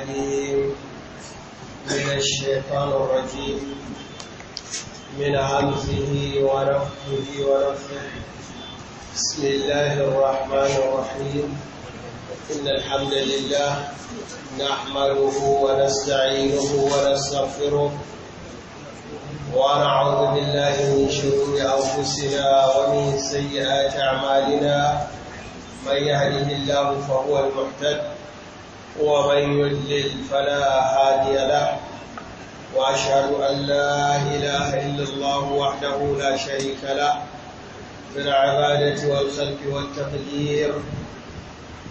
العليم من الشيطان الرجيم من عمزه ونفه ونفه بسم الله الرحمن الرحيم إن الحمد لله نحمده ونستعينه ونستغفره ونعوذ بالله من شرور أنفسنا ومن سيئات أعمالنا من يهده الله فهو المحتد ومن يضلل فلا هادي له واشهد ان لا اله الا الله وحده لا شريك له في العباده والخلق والتقدير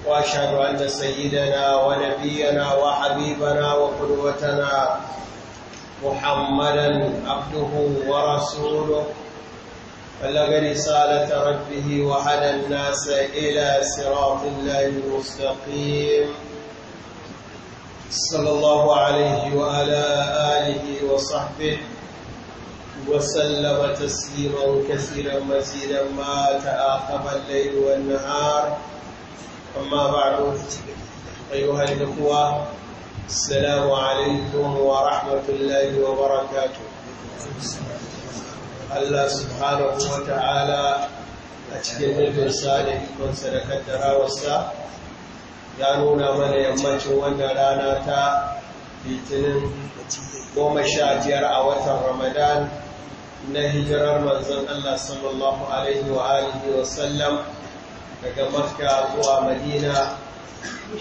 واشهد ان سيدنا ونبينا وحبيبنا وقدوتنا محمدا عبده ورسوله بلغ رساله ربه وهدى الناس الى صراط الله المستقيم صلى الله عليه وعلى آله وصحبه وسلم تسليما كثيرا مزيدا ما تآخم الليل والنهار أما بعد أيها الإخوة السلام عليكم ورحمة الله وبركاته الله سبحانه وتعالى أتكلم في صالح كن سلكت راوسا ya nuna mana yammacin wannan rana ta litinin goma sha biyar a watan ramadan na hijirar manzon Allah sallallahu alaihi wa alihi wa sallam daga makka zuwa madina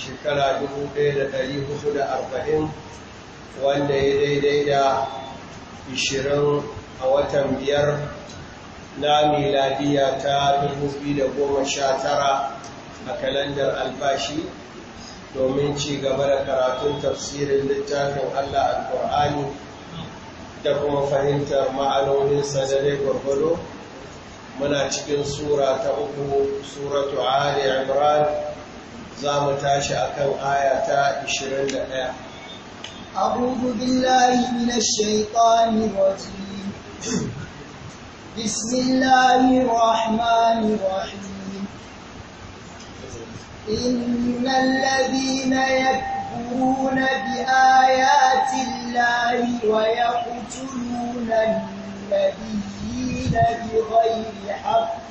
shekara 1440 wanda ya daidai da 20 a watan biyar na miladiya ta 2019 a kalandar albashi domin ci gaba da karatun tafsirin littafin Allah al-Qur'ani da kuma fahimtar ma'anoninsa da dai gwargwado muna cikin sura ta uku suratu Ali Imran za mu tashi akan aya ta 21 أعوذ بالله من الشيطان الرجيم بسم الله الرحمن الرحيم إن الذين يكفرون بآيات الله ويقتلون النبيين بغير حق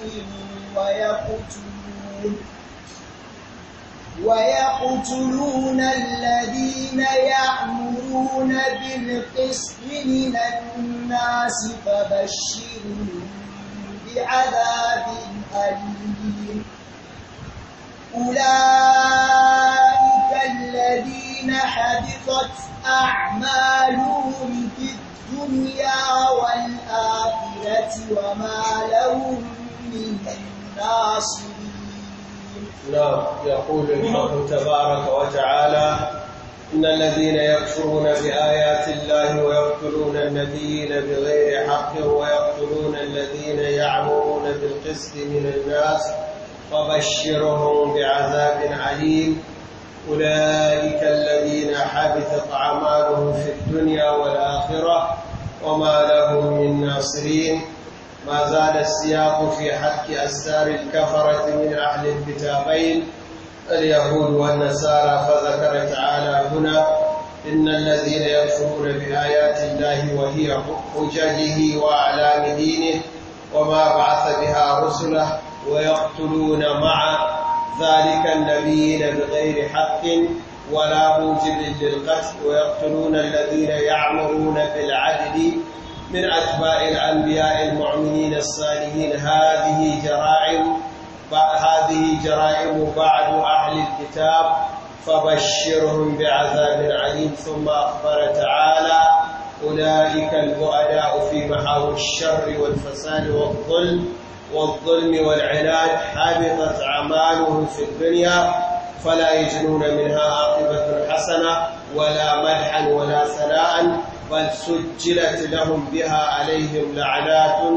ويقتلون ويقتلون الذين يأمرون بالقسط من الناس فبشرهم بعذاب أليم أولئك الذين حبطت أعمالهم في الدنيا والآخرة وما لهم من ناصرين نعم يقول الله تبارك وتعالى إن الذين يكفرون بآيات الله ويقتلون النبيين بغير حق ويقتلون الذين يعمرون بالقسط من الناس فبشرهم بعذاب عليم أولئك الذين حبثت أعمالهم في الدنيا والآخرة وما لهم من ناصرين ما زال السياق في حق أستار الكفرة من أهل الكتابين اليهود والنصارى فذكر تعالى هنا إن الذين يكفرون بآيات الله وهي حججه وأعلام دينه وما بعث بها رسله ويقتلون مع ذلك النبيين بغير حق ولا موجب للقتل ويقتلون الذين يعمرون بالعدل من أتباع الأنبياء المؤمنين الصالحين هذه جرائم هذه جرائم بعض أهل الكتاب فبشرهم بعذاب عليم ثم أخبر تعالى أولئك البؤداء في محاور الشر والفساد والظلم والظلم والعناد حبطت أعمالهم في الدنيا فلا يجنون منها عاقبة حسنة ولا مدحا ولا ثناء بل سجلت لهم بها عليهم لعنات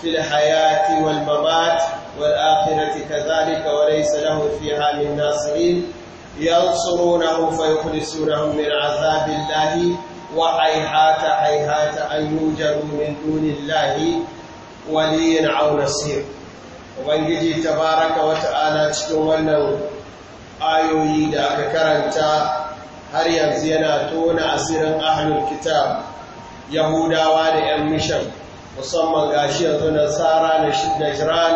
في الحياة والممات والآخرة كذلك وليس له فيها من ناصرين ينصرونه فيخلصونه من عذاب الله وحيحات حيحات أن يوجروا من دون الله waliyin auna nasir ubangiji baraka wata'ala cikin wannan ayoyi da aka karanta har yanzu yana tona asirin ahalin kitab yahudawa da yan mishan musamman gashi yanzu nasara na Jiran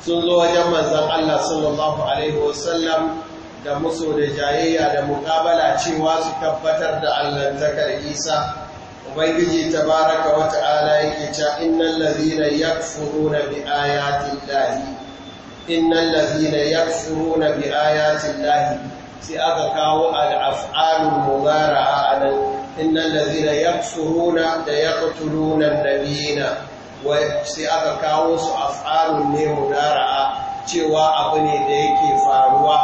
sun zo wajen manzan Allah sallallahu alaihi wasallam da musu da jayayya da mukabala cewa su tabbatar da allantakar isa ubangiji tabaraka wa ta'ala yake cewa innal ladhina yakfuruna bi ayati llahi innal ladhina yakfuruna bi ayati llahi sai aka kawo al-af'alul mudara'a anan innal ladhina yakfuruna da yaqtuluna an-nabiyina wa sai aka kawo su af'alun ne mudara'a cewa abu ne da yake faruwa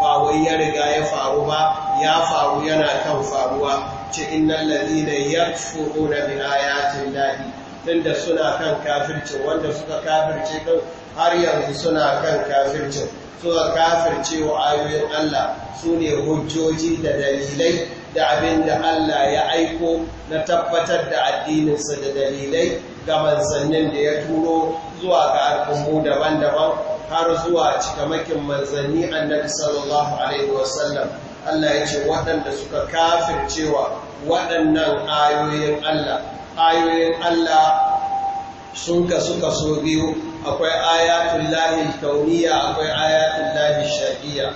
ba wai ya riga ya faru ba ya faru yana kan faruwa ce innal ladina yakfuruna bi ayatin lahi tunda suna kan kafircin wanda suka kafirce din har yanzu suna kan kafircin suka kafirce wa ayoyin Allah su ne hujjoji da dalilai da abin da Allah ya aiko na tabbatar da addininsa da dalilai ga manzannin da ya turo zuwa ga al'ummu daban-daban har zuwa cikamakin manzanni annabi sallallahu alaihi wasallam Allah ya ce waɗanda suka cewa waɗannan ayoyin Allah ayoyin Allah sun kasu kaso biyu akwai ayatun lahil kauniya akwai ayatun lahil shaqiya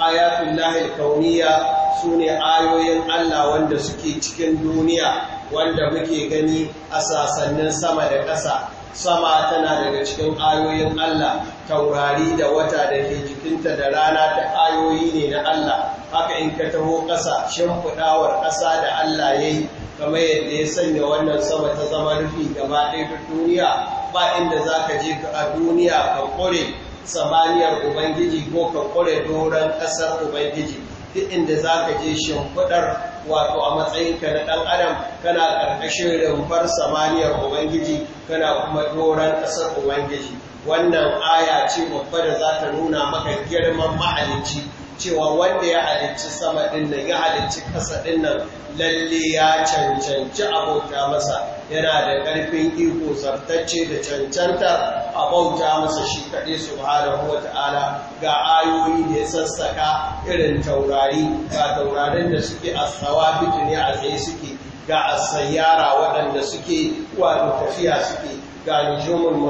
ayatun lahil kauniya sune ayoyin Allah wanda suke cikin duniya wanda muke gani a sasannin sama da ƙasa sama tana daga cikin ayoyin Allah taurari da wata da ke jikinta da rana ta ayoyi ne na Allah haka in ka taho ƙasa shimfiɗawar ƙasa da Allah ya yi kamar yadda ya sanya wannan sama ta zama rufi gaba ɗaya ta duniya ba inda za ka je a duniya ka ƙure samaniyar Ubangiji ko ka ƙure doron ƙasar Ubangiji duk inda za ka je shimfiɗar wato a matsayinka na ɗan adam kana ƙarƙashin rumfar samaniyar ubangiji kana kuma doron ƙasar ubangiji wannan aya ce babba da za ta nuna maka girman mahalicci cewa wanda ya halicci sama ɗin ya halicci ƙasa ɗin nan lalle ya cancanci abota masa yana da ƙarfin iko sartacce da cancanta a bauta masa shi kaɗai subhanahu wa ta'ala ga ayoyi da ya sassaka irin taurari ga taurarin da suke a tsawa ne a tsaye suke ga asayyara waɗanda suke wato tafiya suke ga nujumun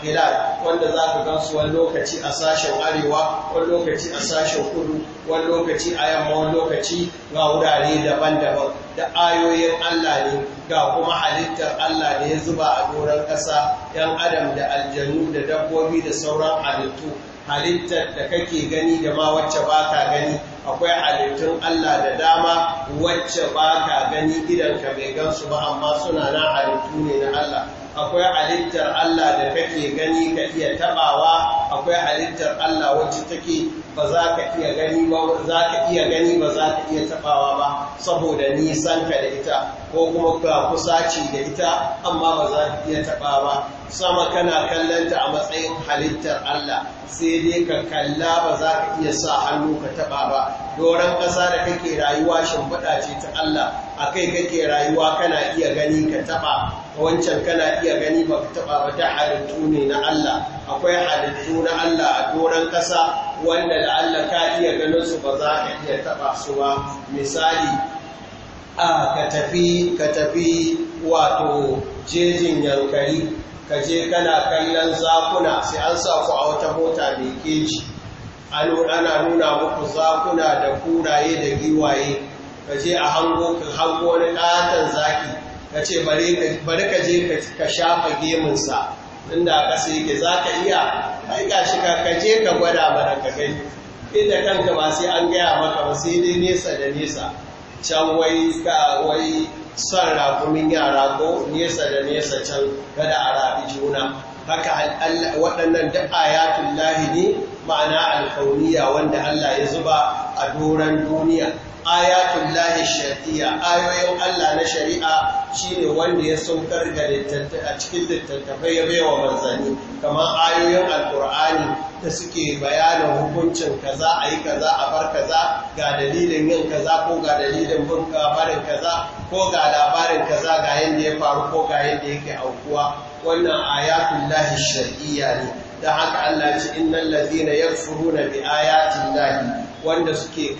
Gila wanda za ka gansu wani lokaci a sashen arewa wani lokaci a sashen kudu wani lokaci a yamma wani lokaci ga wurare daban-daban da ayoyin Allah ne ga kuma halittar Allah da ya zuba a doron ƙasa ‘yan adam da aljanu da dabbobi da sauran halittu halittar da kake gani da ma wacce ba ka gani akwai halittun Allah da dama wacce ba ka gani gidanka bai gansu ba amma suna na halittu ne na Allah akwai halittar Allah da kake gani ka iya tabawa akwai halittar Allah wacce take ba za ka iya gani ba za ka iya gani ba za ka iya tabawa ba saboda nisan ka da ita ko kuma ka kusaci da ita amma ba za ta iya taɓa ba sama kana kallanta a matsayin halittar Allah sai dai ka kalla ba za ka iya sa hannu ka taɓa ba doron ƙasa da kake rayuwa shimfiɗa ce ta Allah a kai kake rayuwa kana iya gani ka taɓa wancan kana iya gani ba ka taɓa ba ta halittu ne na Allah akwai halittu na Allah a doron ƙasa wanda da Allah ka iya ganin su ba za ka iya taɓa su ba misali a ka tafi ka tafi wato jejin yankari ka je kana kallon zakuna sai an sa ku a wata mota mai keji ana nuna muku zakuna da kuraye da giwaye ka je a hango ka hango wani ɗatan zaki ka ce bari ka je ka shafa gemunsa inda ka sai ke za ka iya ai shi ka je ka gwada mana ka gani inda kanka ba sai an gaya maka ba sai dai nesa da nesa can wai ka wai son rakumin yara ko nesa da nesa can gada a rafi juna haka waɗannan da ayatun ne ma'ana alkauniya wanda Allah ya zuba a doron duniya ayatul lahi shari'a ayoyin Allah na shari'a shine wanda ya saukar da a cikin littattafai ya baiwa manzanni kamar ayoyin alkur'ani da suke bayanin hukuncin kaza a yi kaza a bar kaza ga dalilin yin kaza ko ga dalilin bin labarin kaza ko ga labarin kaza ga yadda ya faru ko ga yadda yake aukuwa wannan ayatul lahi shari'a ne da haka Allah ya ce innal ladhina yakfuruna bi ayati llahi wanda suke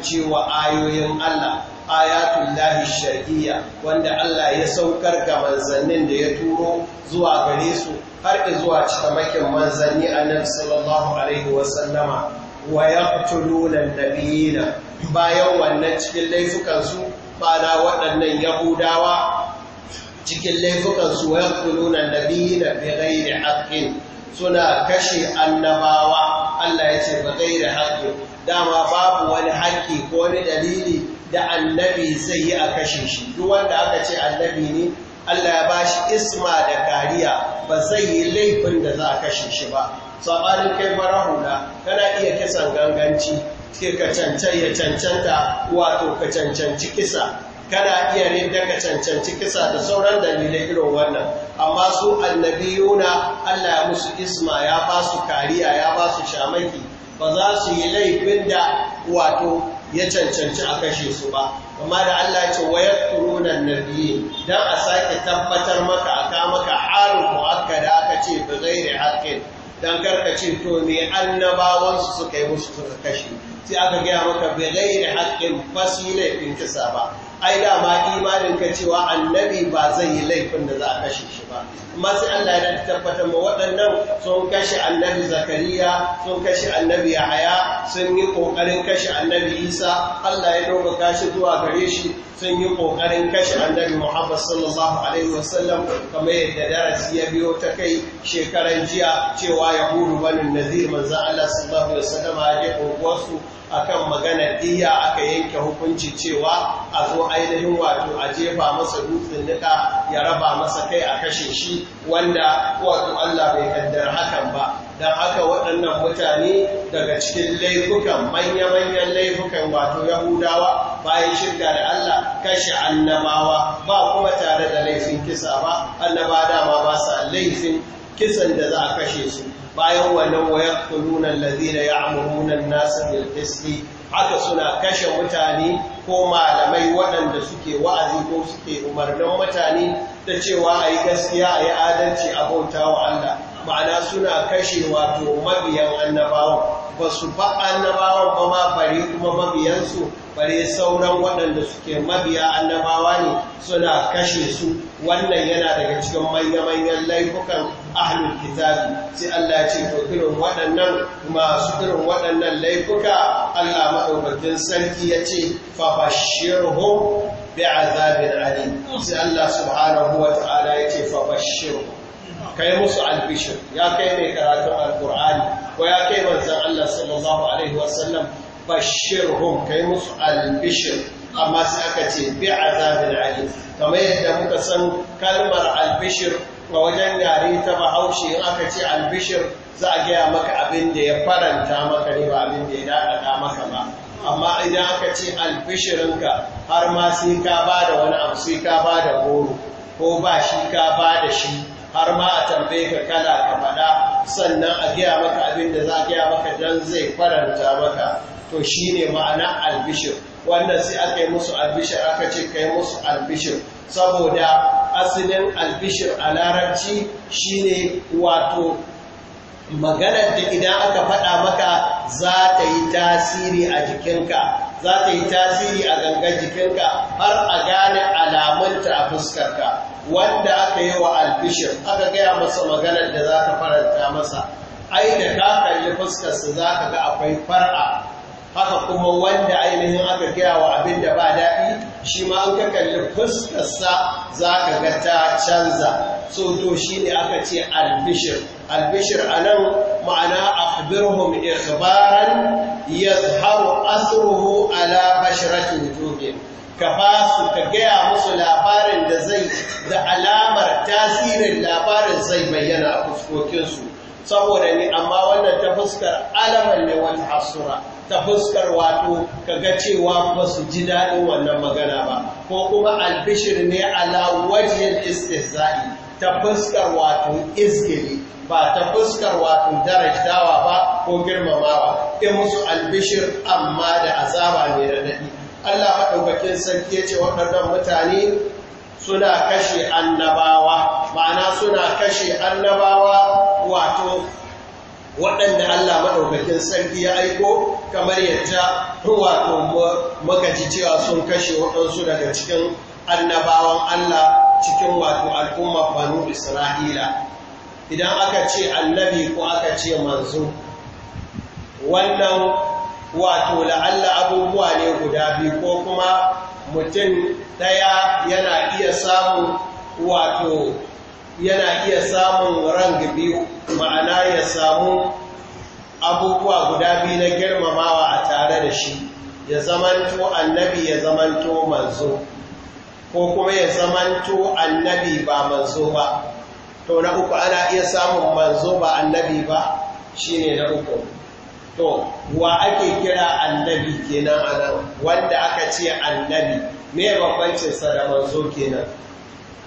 cewa ayoyin Allah ayatul lahi shar'iyya wanda Allah ya saukar ga manzannin da ya turo zuwa gare su har zuwa makin manzanni annabi sallallahu alaihi wasallama wa yaqtuluna nabiyina bayan wannan cikin laifukansu na waɗannan yahudawa cikin laifukansu wa yaqtuluna nabiyina da haqqin suna kashe annabawa Allah ya ce da haqqin dama babu wani haƙƙi ko wani dalili da annabi zai yi a kashe shi duk wanda aka ce annabi ne Allah ya bashi isma da kariya ba zai yi laifin da za a kashe shi ba sabanin kai farahuna kana iya kisan ganganci ke ka cancanta cancanta wato ka cancanci kisa kana iya rinda ka cancanci kisa da sauran dalilai irin wannan amma su annabiyuna Allah ya musu isma ya ba su kariya ya ba su shamaki ba za su yi laifin da wato ya cancanci a kashe su ba amma da Allah ya ce wayar turunan nabiyyi dan a sake tabbatar maka aka harin halin muakkada aka ce bi ghairi haqqin dan karkace to me annabawansu suka yi musu suka kashe sai aka gaya maka bi ba su yi laifin kisa ba ai da ma imanin ka cewa annabi ba zai yi laifin da za a kashe shi ba Masu Allah ya tabbatar ma waɗannan sun kashe annabi Zakariya sun kashe annabi Yahaya sun yi kokarin kashe annabi Isa Allah ya doka kashi zuwa gare shi sun yi ƙoƙarin kashe annabi Muhammad sallallahu alaihi wasallam kamar yadda darasi ya biyo ta kai shekaran jiya cewa ya Yahudu banin Nazir manzo Allah sallallahu alaihi wasallam ya kokosu akan maganar diya aka yanke hukunci cewa a zo ainihin wato a jefa masa dutsen nika ya raba masa kai a kashe shi wanda wato Allah bai kaddar hakan ba don haka waɗannan mutane daga cikin laifukan manya-manyan laifukan wato yahudawa bayan shirka da Allah kashe annabawa ba kuma tare da laifin kisa ba annaba dama ba sa laifin kisan da za a kashe su bayan walau wa yaqtuluna alladhina ya'muruna an-nasa bil qisti haka suna kashe mutane ko malamai waɗanda suke wa'azi ko suke umarnin mutane ta cewa a yi gaskiya a yi adalci a bauta wa Allah ma'ana suna kashe wato mabiyan annabawan ba su ba annabawan ba ma bare kuma mabiyansu bare sauran waɗanda suke mabiya annabawa ne suna kashe su wannan yana daga cikin manya-manyan laifukan ahlul kitabi sai Allah ya ce to irin waɗannan masu irin waɗannan laifuka Allah madaukakin sarki ya ce fa bashirhum bi'azabin alim sai Allah subhanahu wa ta'ala ya ce fa bashirhum kai musu albishir ya kai mai karatun alkur'ani ko ya kai manzan Allah sallallahu alaihi wasallam bashirhum kai musu albishir amma sai aka ce bi azabin alim san kalmar albishir a wajen yare ta bahaushe in aka ce albishir za a gaya maka abin da ya faranta maka ne ba abin da ya dakata maka ba amma idan aka ce albishirinka har ma sai ka ba da wani abu sai ka ba da goro ko ba shi ka ba da shi har ma a tambaye ka kala ka faɗa sannan a gaya maka abin da za a gaya maka don zai faranta maka to shi ne ma'ana albishir wannan sai aka yi musu albishir aka ce ka yi musu albishir saboda asilin albishir a larabci shine wato maganar da idan aka faɗa maka za ta yi tasiri a jikinka za ta yi tasiri a gangan jikinka har a gane alamunta a fuskarka wanda aka yi wa albishir aka gaya masa maganar da za ka faranta masa ai da ka yi fuskarsa za ka ga akwai far'a haka kuma wanda ainihin aka gaya wa abin da ba daɗi shi ma an ka kalli fuskarsa za ka ga ta canza so to shi ne aka ce albishir albishir a nan ma'ana akhbirhum ikhbaran yazharu asruhu ala basharati wujuhihim ka ba su ka gaya musu labarin da zai da alamar tasirin labarin zai bayyana a fuskokinsu saboda ne amma wannan ta fuskar alamar ne wani hasura ta fuskar wato kaga cewa ba su ji daɗin wannan magana ba ko kuma albishir ne ala wajen istihza'i ta fuskar wato izgiri ba ta fuskar wato darajtawa ba ko girmamawa in musu albishir amma da azaba mai raɗaɗi Allah maɗaukakin sarki ya ce waɗannan mutane suna kashe annabawa ma'ana suna kashe annabawa wato waɗanda Allah maɗaukakin sarki ya aiko kamar yadda wato makaci cewa sun kashe waɗansu daga cikin annabawan Allah cikin wato al'umma banu Isra'ila. Idan aka ce annabi ko aka ce manzo, wannan wato la'alla abubuwa ne guda biyu ko kuma mutum ɗaya yana iya samun wato yana iya samun rang biyu ma'ana ya samu abubuwa guda biyu na girmamawa a tare da shi ya zamanto annabi ya zamanto manzo ko kuma ya zamanto annabi ba manzo ba to na uku ana iya samun manzo ba annabi ba shi ne na uku to wa ake kira annabi kenan anan wanda aka ce annabi me bambancin sa da manzo kenan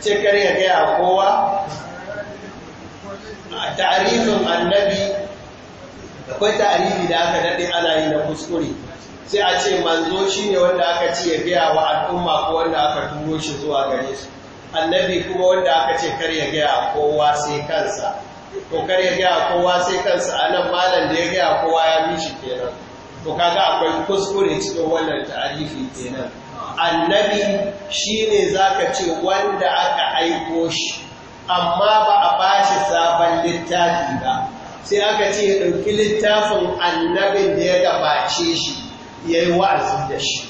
ce kare ya gaya kowa a ta'arifin annabi akwai ta'arifi da aka daɗe ana yi na kuskure sai a ce manzo shi ne wanda aka ce ya gaya wa al'umma ko wanda aka turo shi zuwa gare su annabi kuma wanda aka ce kar ya gaya kowa sai kansa to kar ya gaya kowa sai kansa a nan malam da ya gaya kowa ya mishi kenan to kaga akwai kuskure cikin wannan ta'arifi kenan annabi shi ne za ka ce wanda aka aiko shi amma ba a bashi sabon littafi ba sai aka ce ya ɗauki littafin annabin da ya gabace shi ya yi wa'azi da shi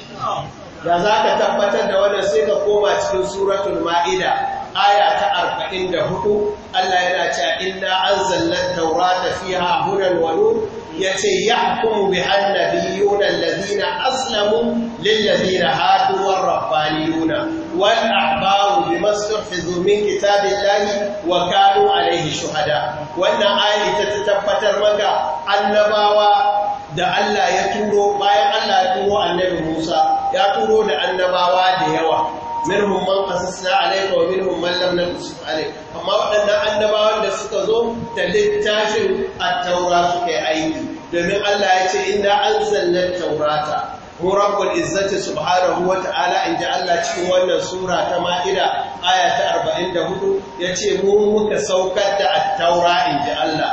da za ka tabbatar da wannan sai ka koma cikin suratun ma'ida aya ta arba'in da hudu, Allah yana cewa inna zallar taurata tafiya a wa wani. Ya yace yahkumu bihan nabiyuna alladhina aslamu lilladhina hadu war rabbaniyuna wal ahbaru bima suhfizu kitabin kitabillahi wa kanu alaihi shuhada wannan ayi ta tabbatar maka annabawa da Allah ya turo bayan Allah ya turo annabi Musa ya turo da annabawa da yawa minhum man qasasna alayka wa minhum man lam naqsus alayka amma waɗannan annabawan da suka zo da littafin at-taura suka aiki domin Allah ya ce inna anzalna at-taurata hu rabbul izzati subhanahu wa ta'ala inda Allah cikin wannan sura ta ma'ida aya ta 44 yace mu muka saukar da at-taura inda Allah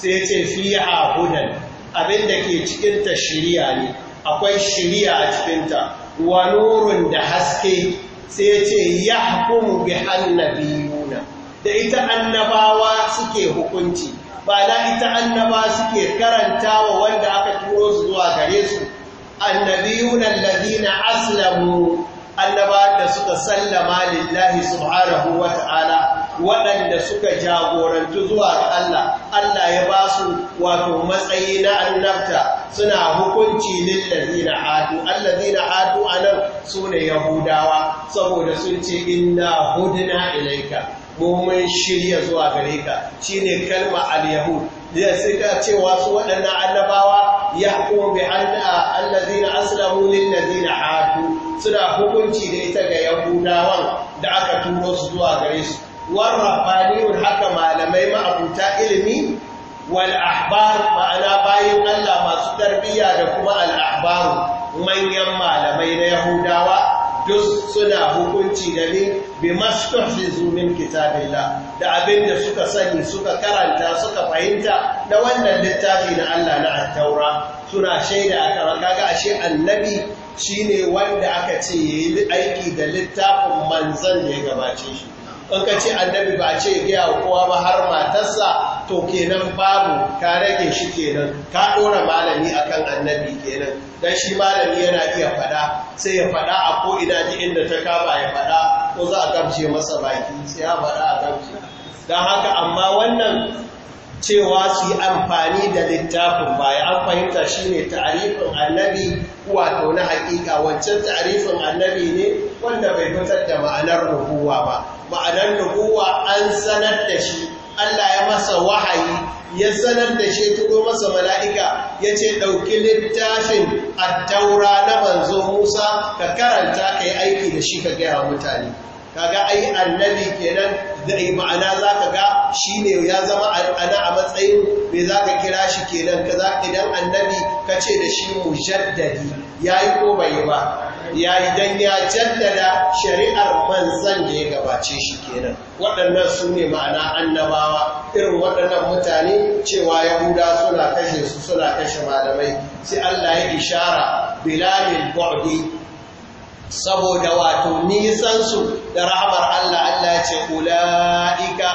sai yace fiha hudan abinda ke cikin ta shiriya ne akwai shiriya a cikin ta wa nurun da haske sai ya ce ya hukumu bi annabiyuna da ita annabawa suke hukunci ba da ita annaba suke karanta wa wanda aka turo zuwa gare su na alladhina aslamu annaba da suka sallama lillahi subhanahu wa waɗanda suka jagorantu zuwa Allah Allah ya ba su wato matsayi na annabta suna hukunci lillazina hadu allazina hadu su suna yahudawa saboda sun ce inna hudna ilaika mu shirya zuwa gare ka Shi ne kalma al-yahud da suka ce wasu waɗannan annabawa ya kuma bi anna aslamu lil suna hukunci da ita ga yahudawan da aka turo su zuwa gare su warrabaniyun haka malamai ma'abuta ilimi wal ma'ana bayan Allah masu tarbiyya da kuma al manyan malamai na yahudawa duk suna hukunci da ni bi mastahzizu zumin kitabillah da abin da suka sani suka karanta suka fahimta da wannan littafi na Allah na taura suna shaida aka kaga ashe annabi shine wanda aka ce yayi aiki da littafin manzon da ya gabace shi in ka ce annabi ba ce gaya wa kowa ba har matarsa to kenan babu ka rage shi kenan ka ɗora malami akan annabi kenan dan shi malami yana iya fada sai ya fada a ko ina ji inda ta kama ya fada ko za a gamshe masa baki sai ya fada a gamshe don haka amma wannan cewa su yi amfani da littafin baya an fahimta shi ne ta'arifin annabi wato na hakika wancan ta'arifin annabi ne wanda bai fitar da ma'anar nubuwa ba ma'anar nubuwa an sanar da shi Allah ya masa wahayi ya sanar da shi turo masa mala'ika ya ce ɗauki littafin a taura na manzo Musa ka karanta ka yi aiki da shi ka gaya mutane kaga ai annabi kenan da ma'ana za ka ga Shi ne ya zama ana a matsayin me ka kira shi kenan kaza idan annabi ka ce da shi ya yi ko bai ba ya yi don ya jaddada shari'ar manzan da ya gabace shi kenan waɗannan su ne ma'ana annabawa irin waɗannan mutane cewa yahuda suna kashe su suna kashe malamai sai allah ya ishara bilalin bu'di saboda wato nisansu da rahamar Allah Allah ya ce ulaika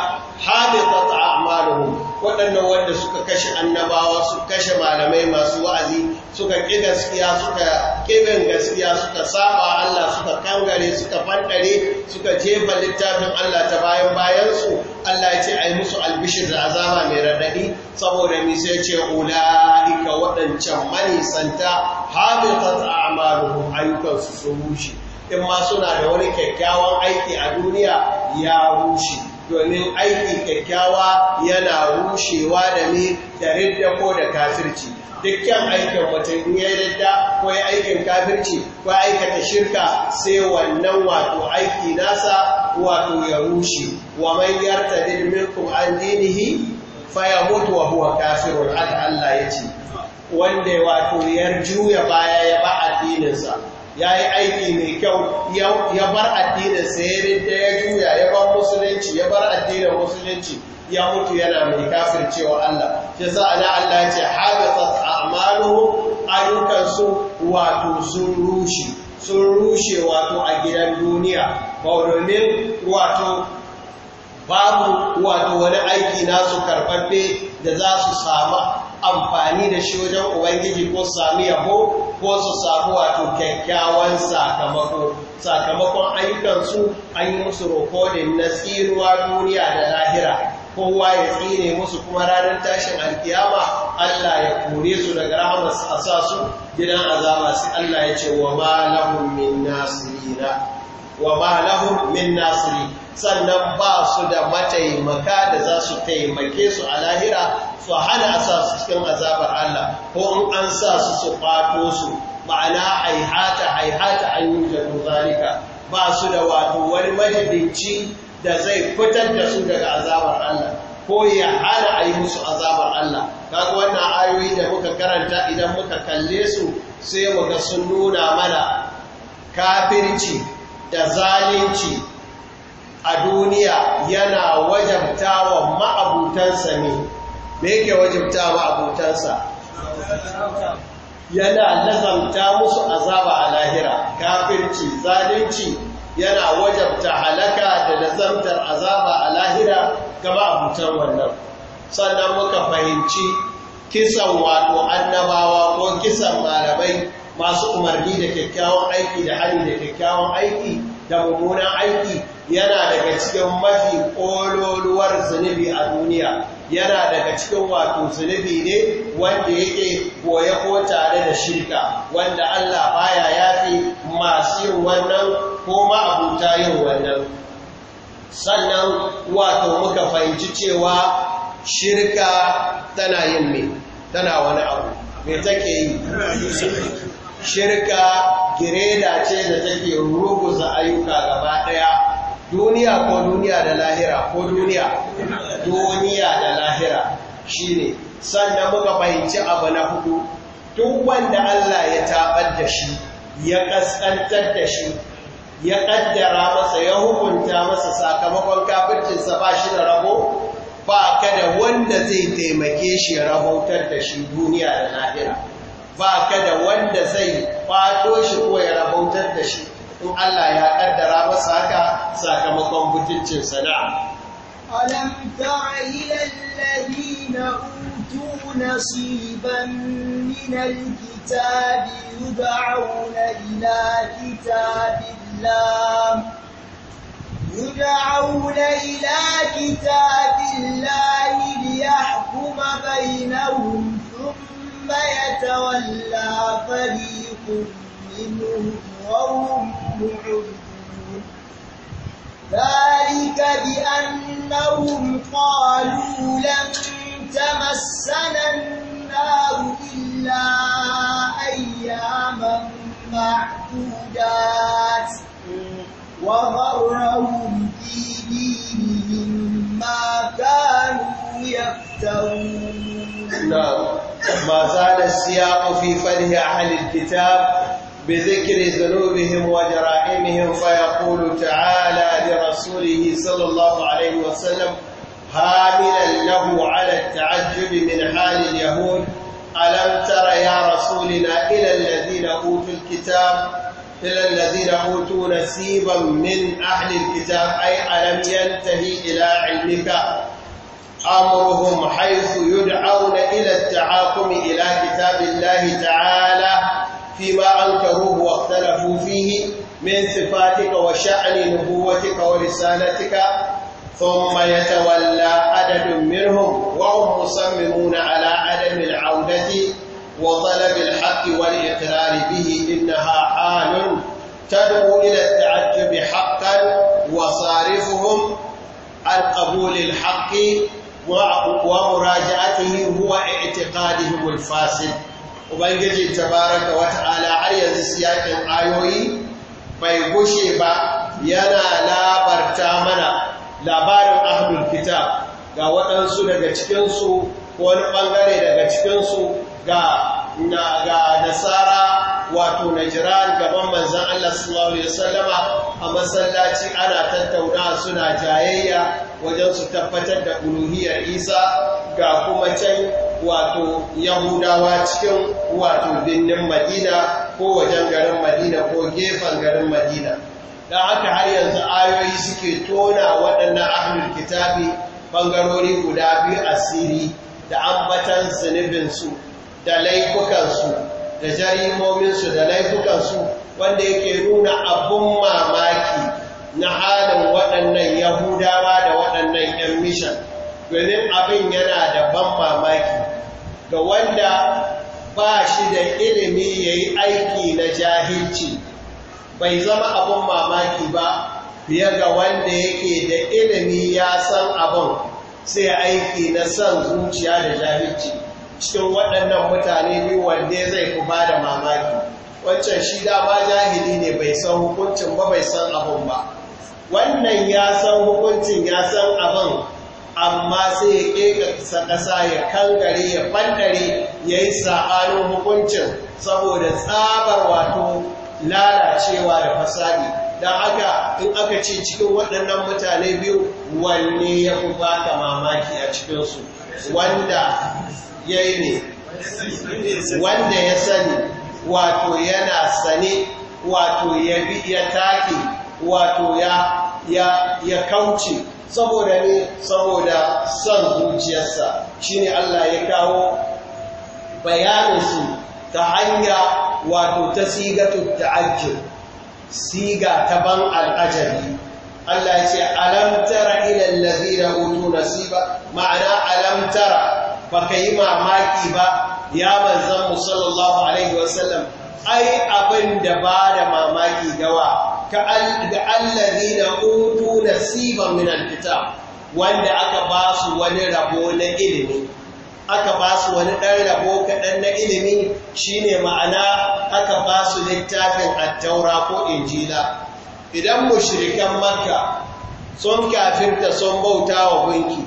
habitat amaluhu waɗannan wanda suka kashe annabawa su kashe malamai masu wa'azi suka ƙi gaskiya suka ƙibin gaskiya suka saba Allah suka kangare suka fandare suka jefa littafin Allah ta bayan bayansu Allah ce a yi musu albishir da azama mai raɗaɗi saboda mi sai ce ula'ika waɗancan manisanta habitat a'maluhum ayyukansu sun rushe in ma suna da wani kyakkyawan aiki a duniya ya rushe domin aiki kyakkyawa yana rushewa da ne da ridda ko da kafirci dukkan aikin mutum ya yadda ko ya aikin kafirci ko aikata shirka sai wannan wato aiki nasa wato ya rushe wa man yartadid minkum an dinihi fa yamutu wa huwa kafirun haka Allah ce wanda wato ya juya baya ya ba addininsa ya yi aiki mai kyau ya bar addinin sayarin da ya juya ya bar musulunci ya bar addinin musulunci ya mutu yana mai kafin cewa Allah shi sa ana Allah ce habatat a'maluhu ayyukansu wato sun rushe sun rushe wato a gidan duniya ba domin wato babu wato wani aiki nasu karfafe da za su sama amfani da shi wajen ubangiji ko sami yabo ko su samu wato kyakkyawan sakamako sakamakon ayyukansu an yi musu rokodin na tsiruwa duniya da lahira kowa ya tsire musu kuma ranar tashin alkiyama Allah ya kore su daga rahamarsa a sa su gidan azaba sai Allah ya ce wa ma lahum min nasirina wa ma lahum min nasiri sannan ba su da mataimaka da za su taimake su a lahira su hana a sa su cikin azabar Allah ko in an sa su su kwato su ma'ana aihata aihata an yi jadu zalika ba su da wato wani majibinci da zai fitar da su daga azabar Allah ko ya hana a musu azabar Allah kaga wannan ayoyi da muka karanta idan muka kalle su sai muka sun nuna mana kafirci da zalunci a duniya yana wajabta wa ma'abutansa ne me yake wajabta abutansa yana lazamta musu azaba a lahira kafirci zalunci yana wajabta halaka da lazamtar azaba a lahira ga ma'abutan wannan sannan muka fahimci kisan wato annabawa ko kisan malamai masu umarni da kyakkyawan aiki da hari da kyakkyawan aiki da mummunan aiki yana daga cikin mafi ƙololuwar zunubi a duniya yana daga cikin wato zunubi ne wanda yake koya ko tare da shirka wanda Allah baya yafi masu yin wannan ko ma'abuta yin wannan sannan wato muka fahimci cewa shirka tana yin me tana wani abu me take yi shirka gireda ce da take ruguza ayyuka gaba ɗaya duniya ko duniya da lahira ko duniya duniya da lahira shine sannan muka fahimci abu na hudu duk wanda Allah ya tabar da shi ya kaskantar da shi ya kaddara masa ya hukunta masa sakamakon kafircinsa ba shi da rabo ba ka da wanda zai taimake shi ya rahotar da shi duniya da lahira ba ka da wanda zai kwato shi ko ya rabautar da shi in Allah ya ƙaddara masa haka sakamakon butuncin sana alam tara ila alladhina utu nasiban min alkitabi yud'auna ila kitabillah يدعون إلى كتاب الله ليحكم فيتولى فريق منهم وهم معرضون ذلك بأنهم قالوا لن تمسنا النار إلا أياما معدودات وغرهم في دينهم ما كانوا يفترون نعم ما زال السياق في فله أهل الكتاب بذكر ذنوبهم وجرائمهم فيقول تعالى لرسوله صلى الله عليه وسلم هاملا له على التعجب من حال اليهود ألم تر يا رسولنا إلى الذين أوتوا الكتاب إلى الذين أوتوا نسيبا من أهل الكتاب أي ألم ينتهي إلى علمك أمرهم حيث يدعون إلى التعاقم إلى كتاب الله تعالى فيما أنكروه واختلفوا فيه من صفاتك وشأن نبوتك ورسالتك ثم يتولى عدد منهم وهم مصممون على عدم العودة وطلب الحق والإقرار به إنها حال تدعو إلى التعجب حقا وصارفهم عن قبول الحق wa muraja'atihi huwa i'tiqadihim al-fasid ubangiji tabaraka wa ta'ala har yanzu siyakin ayoyi bai bushe ba yana labarta mana labarin ahlul kitab ga waɗansu daga cikinsu ko wani bangare daga cikinsu ga nasara wato najira gaban manzan Allah sallallahu alaihi wasallama a masallaci ana tattauna suna jayayya wajen su tabbatar da uluhiyar Isa ga kuma can wato Yahudawa cikin wato binnin Madina ko wajen garin Madina ko gefen garin Madina dan haka har yanzu ayoyi suke tona waɗannan ahlul kitabi bangarori guda biyu asiri da ambatan su da laifukansu da jarimominsu da laifukansu wanda yake nuna abun mamaki na halin waɗannan yahudawa da waɗannan ‘yan mishan domin abin yana da ban mamaki ga wanda ba shi da ilimi ya yi aiki na jahilci bai zama abun mamaki ba fiye ga wanda yake da ilimi ya san abun sai aiki na san zuciya da jahilci cikin waɗannan mutane biyu wanne zai fi ba da mamaki wancan shi da dama jahili ne bai san hukuncin ba bai san abin ba wannan ya san hukuncin ya san abin amma sai ya kasa ƙasa ya kangare ya bandare ya yi sa'anin hukuncin saboda tsabar wato lalacewa da fasadi don haka in aka ce cikin waɗannan mutane biyu wanne ya fi baka mamaki a cikinsu wanda yayi ne wanda ya sani wato yana sane wato ya bi ya take wato ya ya ya kauce saboda ne saboda son zuciyarsa shine Allah ya kawo bayaninsu ta hanya wato ta sigatu ta'ajjub siga ta ban al'ajabi Allah ya ce alam tara ila allazina utu nasiba ma'ana alam tara Ba ka yi mamaki ba ya manzan musallallahu alaihi wasallam ai abin da ba da mamaki gawa ga allazi na hutu nasiban min wanda aka ba su wani rabo na ilimi aka ba su wani ɗan rabo kaɗan na ilimi shine ma'ana aka ba su littafin attaura ko injila idan mu mushrikan makka sun kafirta sun bauta wa gunki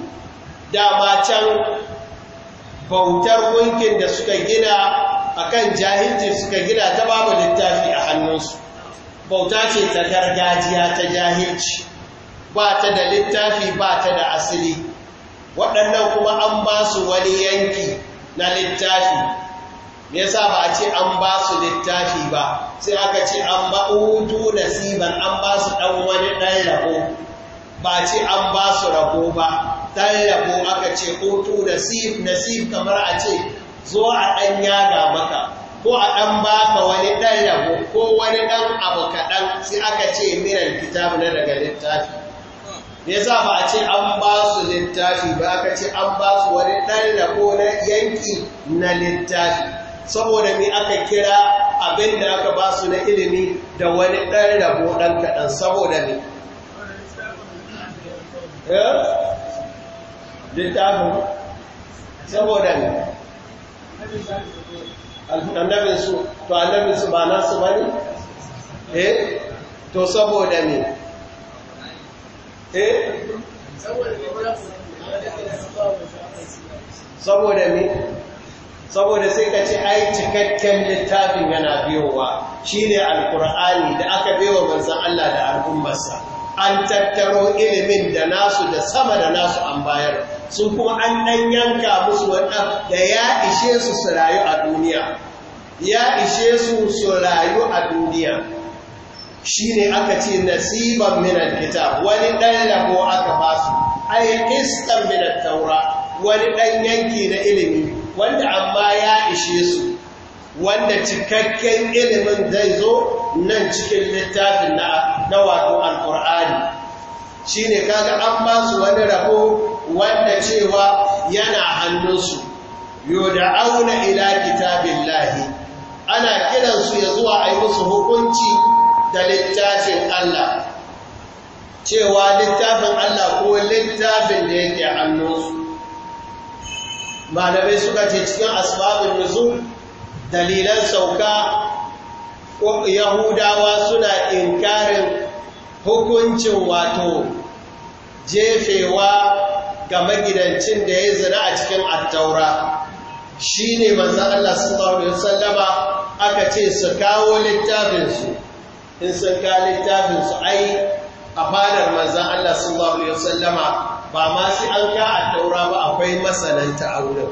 dama can bautar gunkin da suka gina a kan jahilci suka gina ta babu littafi a hannunsu bauta ce ta gargajiya ta jahilci ba ta da littafi ba ta da asali waɗannan kuma an ba su wani yanki na littafi me yasa ba a ce an ba su littafi ba sai aka ce an ba hutu nasiban an ba su ɗan wani ɗan rabo ba a ce an ba su rabo ba ta yabo aka ce hutu nasif nasif kamar a ce zo a ɗan yaga maka ko a ɗan baka wani ɗan ko wani ɗan abu kaɗan sai aka ce miran kitabu na daga littafi me yasa ba a ce an ba su littafi ba aka ce an ba su wani ɗan na yanki na littafi saboda me aka kira abin da aka ba su na ilimi da wani ɗan yabo ɗan kaɗan saboda me eh? littafin saboda ne annabin su to annabin su ba nasu ba ne eh to saboda ne eh saboda ne saboda sai ka ce ai cikakken littafin yana biyowa shi ne alkur'ani da aka biyo manzon Allah da al'ummarsa an tattaro ilimin da nasu da sama da nasu an bayar sun kuma an ɗan yanka musu waɗanda da ya ishe su su rayu a duniya ya ishe su su rayu a duniya shi ne aka ce nasiban minar ita wani ɗan labo aka ba su ayi iskan minar taura wani ɗan yanki na ilimi wanda amma ya ishe su wanda cikakken ilimin zai zo nan cikin littafin na wato alkur'ani shi kaga an ba su wani rabo wanda cewa yana hannunsu yoda auna ila kitabin lahi ana kiransu ya zuwa a musu hukunci da littafin Allah cewa littafin Allah ko littafin da yake hannunsu malamai suka ce cikin asbabin nuzul dalilan sauka yahudawa suna inkarin hukuncin wato jefewa ga magidancin da ya zina a cikin attaura shi ne manzan Allah sallallahu Alaihi sallama, aka ce su kawo littafinsu in sun ka littafinsu ai a fadar manzan Allah sallallahu Alaihi sallama. ba ma sai an ka attaura ba akwai masananta a wurin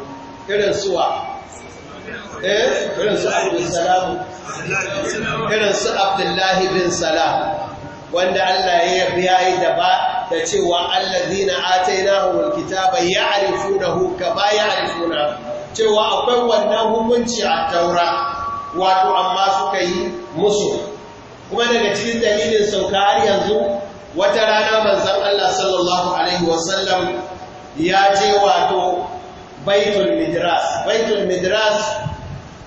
irin suwa eh irin su irin su abdullahi bin salam wanda Allah ya yabi yayi da ba da cewa allazina atainahumul kitaba ya'rifunahu kama ya'rifuna cewa akwai wannan hukunci a taura wato amma suka yi musu kuma daga cikin dalilin sauka yanzu wata rana manzon Allah sallallahu alaihi wasallam ya je wato baitul midras baitul midras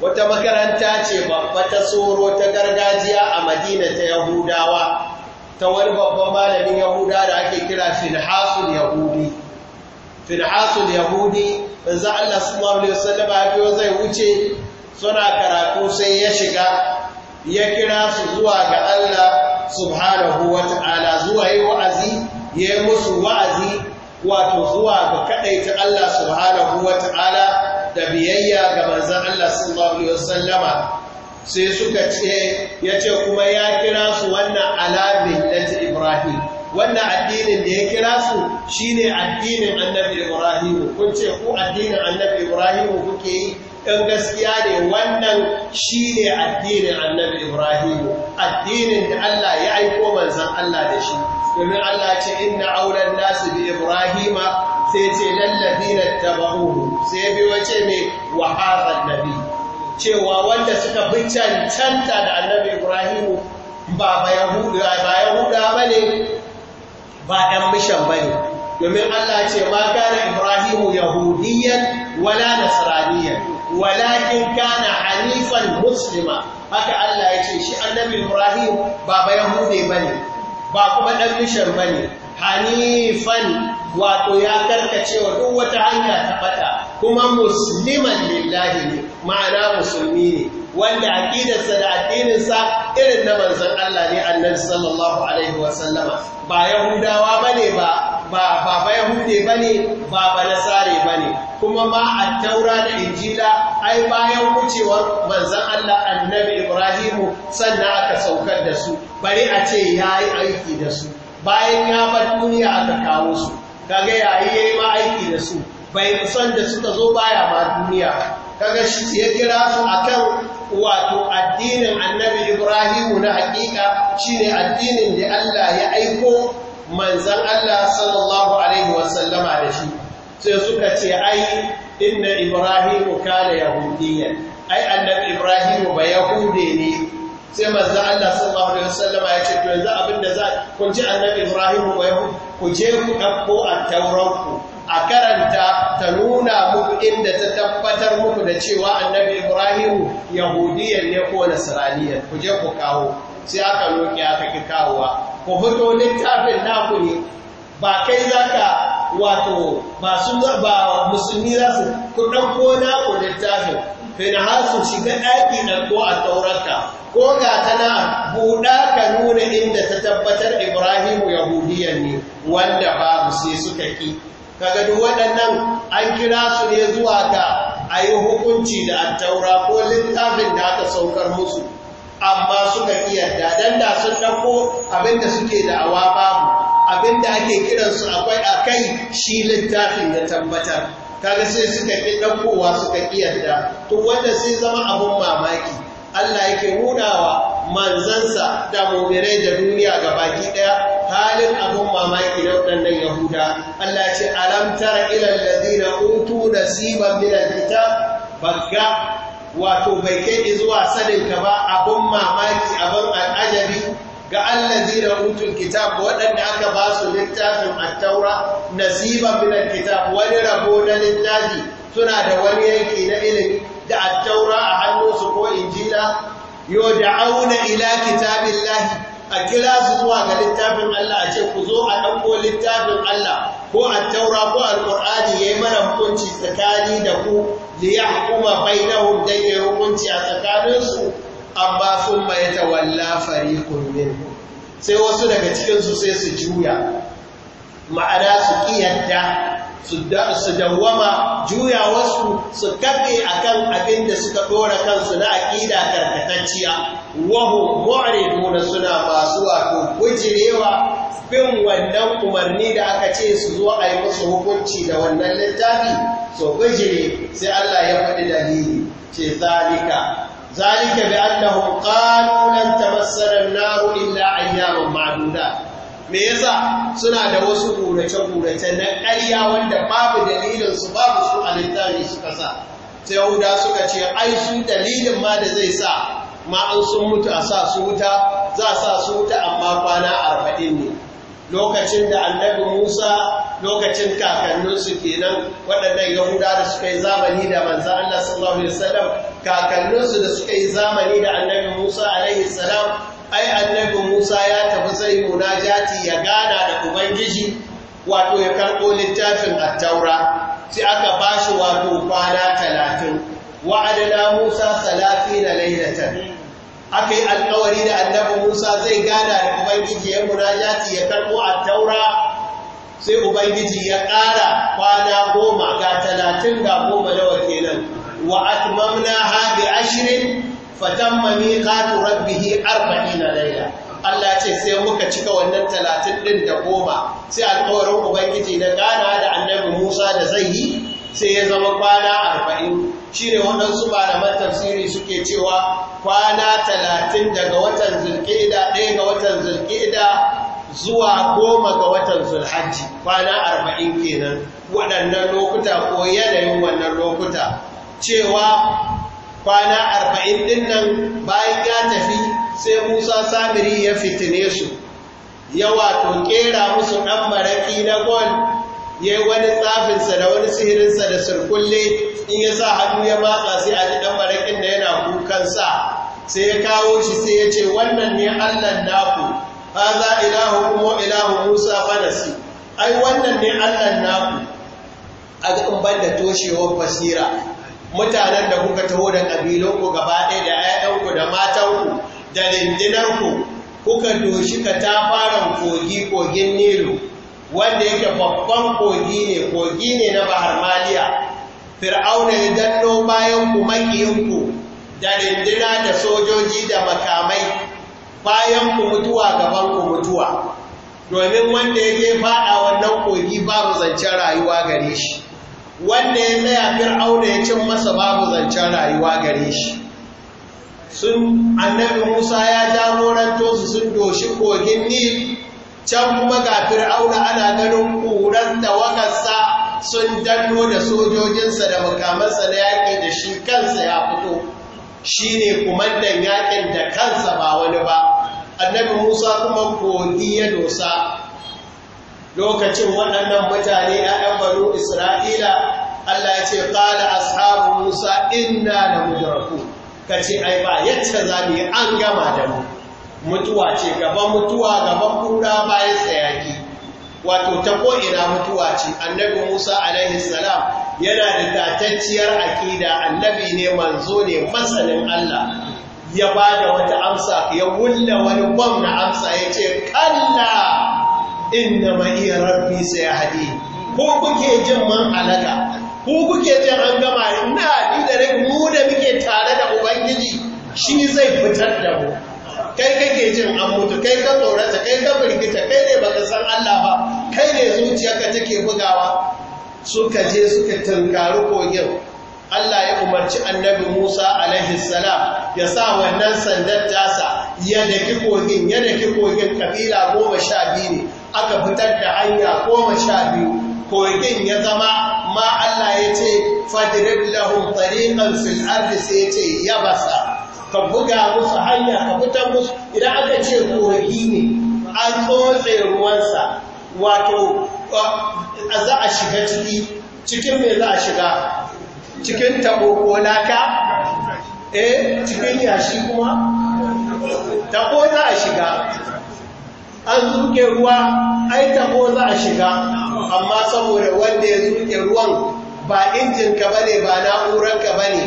wata makaranta ce babba ta tsoro ta gargajiya a madina ta yahudawa ta wani babban malamin yahuda da ake kira finhasul yahudi finhasul yahudi manzo Allah sallallahu alaihi wasallam zai wuce suna karatu sai ya shiga ya kira su zuwa ga Allah subhanahu ta'ala zuwa yi wa'azi ya yi musu wa'azi wato zuwa ga ta Allah subhanahu Ta'ala da biyayya ga manzon Allah sallallahu alaihi wasallama sai suka ce yace kuma ya kira su wannan alamin lati Ibrahim wannan addinin da ya kira su shine addinin Annabi Ibrahim kun ce ku addinin Annabi Ibrahim kuke yi dan gaskiya ne wannan shine addinin annabi Ibrahim, addinin da Allah ya aiko manzan Allah da shi. domin Allah ce inna auren nasu bi Ibrahima sai ce lallazina tabahu sai bi wace ne wa nabi cewa wanda suka bi cancanta da annabi Ibrahim ba ba yahuda ba ne, bane ba dan mishan bane domin Allah ce ma gane Ibrahim yahudiyan wala nasraniyan walakin kana hanifan muslima haka Allah ya ce shi annabi Ibrahim baba ba bane ba kuma ɗan mishar ba ne hanifan wato ya karkacewa duk wata hanya ta fata kuma musliman lillahi ne ma'ana musulmi ne wanda aƙidarsa da addininsa irin na manzon Allah ne annan sallallahu alaihi wasallama ba yahudawa ne ba ba ba yahude bane ba ba nasare bane kuma ma a taura da injila ai bayan wucewar manzon Allah annabi Ibrahimu sannan aka saukar da su bari a ce yayi aiki da su bayan ya bar duniya aka kawo su kaga yayi yayi ma aiki da su bai san da suka zo baya ma duniya kaga shi ya kira su akan wato addinin annabi Ibrahimu na hakika shine addinin da Allah ya aiko manzan Allah sallallahu alaihi wasallama da shi sai suka ce ai inda ibrahimu kana yahudiyya ai annabi ibrahimu ba yahude ne sai manzan Allah sallallahu alaihi wasallama ya ce to yanzu abinda za ku ji annabi ibrahimu ba yahudi ku je ku ɗauko a tauranku a karanta ta nuna muku inda ta tabbatar muku da cewa annabi ibrahimu yahudiyan ne ko nasraniyya ku je ku kawo sai aka roƙi aka ki kawowa ku fito littafin naku ne ba kai za ka ba masu ba musulmi za su ku ɗauko naku littafin fina su shiga ɗaki na ko a taurarka ko ga tana buɗa ka nuna inda ta tabbatar ibrahimu yahudiyan ne wanda babu sai suka ki kaga duk waɗannan an kira su ne zuwa ga a yi hukunci da attaura ko littafin da aka saukar musu amma suka yarda dan da sun dauko abinda suke da awa babu abinda ake su akwai akai shi littafin ya tabbatar kaga sai suka ki daukowa suka iya yarda to wanda sai zama abun mamaki Allah yake hudawa manzansa da mu'minai da duniya ga baki daya halin abun mamaki na waɗannan Yahuda Allah ya ce alam tara ila alladhina utu nasiban min alkitab baga wato bai kai zuwa ka ba abun mamaki abin al'ajabi ga Allah zira hutun kitab waɗanda aka ba su littafin attaura nasiba minan kitab wani rabo na littafi suna da wani yanki na ilimi da attaura a hannu su ko injila yau da auna ila kitabin lahi a kira su zuwa ga littafin Allah a ce ku zo a ɗanko littafin Allah ko attaura ko alƙur'ani ya yi mara hukunci tsakani da ku li kuma bainahum dan ya hukunci a tsakaninsu amma sun mai tawalla fariqun minhum sai wasu daga cikin su sai su juya ma'ana su yarda. su dawwama wasu su kafe akan abin da suka ɗora kansu na aƙida karkatacciya wahu mu'riduna suna masu wato gujirewa bin wannan umarni da aka ce su zo a yi musu hukunci da wannan littafi so gujire sai Allah ya faɗi dalili ce zalika zalika bi annahum qalu lan tamassana an-nar illa ayyaman ma'dudat me yasa suna da wasu gurace-gurace na ƙarya wanda babu dalilinsu babu su a littafi suka sa sai yahuda suka ce ai su dalilin ma da zai sa ma an sun mutu a sa su wuta za a sa su wuta amma kwana arba'in ne lokacin da annabi musa lokacin kakanninsu kenan waɗannan yahuda da suka yi zamani da manzan Allah sallallahu Alaihi wasallam kakanninsu da suka yi zamani da annabi musa alaihi salam ai annabi Musa ya tafi sai munajati ya gana da ubangiji wato ya karɓo littafin taura, sai aka bashi wato kwana talatin wa'adana Musa 30 laylatan aka yi alkawari da annabi Musa zai gana da ubangiji ya munajati ya karɓo taura, sai ubangiji ya ƙara kwana goma ga talatin ga goma da kenan wa atmamna ha bi ashirin fatamma bihi arba'in na layla Allah ce sai muka cika wannan talatin din da goma sai alƙawarin ubangiji na gana da annabi Musa da zai yi sai ya zama kwana arba'in. Shi ne waɗansu malaman tafsiri suke cewa kwana talatin daga watan zulqa'ida ɗaya ga watan zulqa'ida zuwa goma ga watan Zulhaji. kwana arba'in kenan waɗannan lokuta ko yanayin wannan lokuta cewa kwana arba'in ɗin nan bayan ya tafi sai musa samiri ya fitine su ya wato ƙera musu ɗan maraƙi na gol ya yi wani tsafinsa da wani sihirinsa da surkulle in ya sa hannu ya matsa sai a ji ɗan maraƙin da yana kukansa sai ya kawo shi sai ya ce wannan ne allah naku za ilahu kuma ilahu musa fanasi ai wannan ne allah naku a ga in ban da toshewar basira mutanen da kuka taho da ƙabilonku gaba ɗaya da ‘ya'yanku da matanku da rindinanku kuka doshi ka ta fara kogi kogin nilu wanda yake babban kogi ne kogi ne na bahar maliya fir'auna ya danno bayan ku makiyinku da rindina da sojoji da makamai bayan ku mutuwa gaban ku mutuwa domin wanda yake je faɗa wannan kogi ba mu zancen rayuwa gare shi wanda ya tsaya fir'auna ya cin masa babu zancen rayuwa gare shi sun annabi musa ya jagoranto su sun doshi kogin nil can kuma ga fir'auna ana ganin ƙuran da wakarsa sun danno da sojojinsa da makamansa na yaƙi da shi kansa ya fito shi ne kumandan yaƙin da kansa ba wani ba annabi musa kuma kogi ya dosa lokacin waɗannan mutane ‘ya'yan baro Isra'ila, Allah ya ce, ƙada ashabu Musa inna da mudaraku, ka ce, ai ba yadda za mu yi an gama da mu, mutuwa ce gaban mutuwa gaban kura bayan tsayaki, wato ta ko'ina mutuwa ce, annabi Musa alaihi yana da tatacciyar aƙida, annabi ne manzo ne masanin Allah. Ya ba da wata amsa, ya wulla wani gwamna amsa ya ce, Kalla! inna ma iya rabbi sai hadi ko kuke jin man alaka ko kuke jin an gama ina ni da rai mu da muke tare da ubangiji shi zai fitar da mu kai kake jin an mutu kai ka tsorata kai ka firgita kai ne baka san Allah ba kai ne zuciyarka take bugawa suka je suka tunkari kogin Allah ya umarci annabi Musa alaihi salam ya sa wannan sandar tasa ya daki kogin ya daki kogin kabila goma sha biyu ne aka fitar da hanya goma sha biyu kogin ya zama ma Allah ya ce fadirin lahun fil fil'ardi sai ya ce yabasa ka buga musu hanya ka fitar musu idan aka ce kogi ne an tsotse ruwansa wato za a shiga ciki cikin mai za a shiga cikin tabo ko laka eh cikin yashi kuma tabo za a shiga an zuke ruwa ai taho za a shiga amma saboda wanda ya zuke ruwan ba injin ka bane ba na'urar ka bane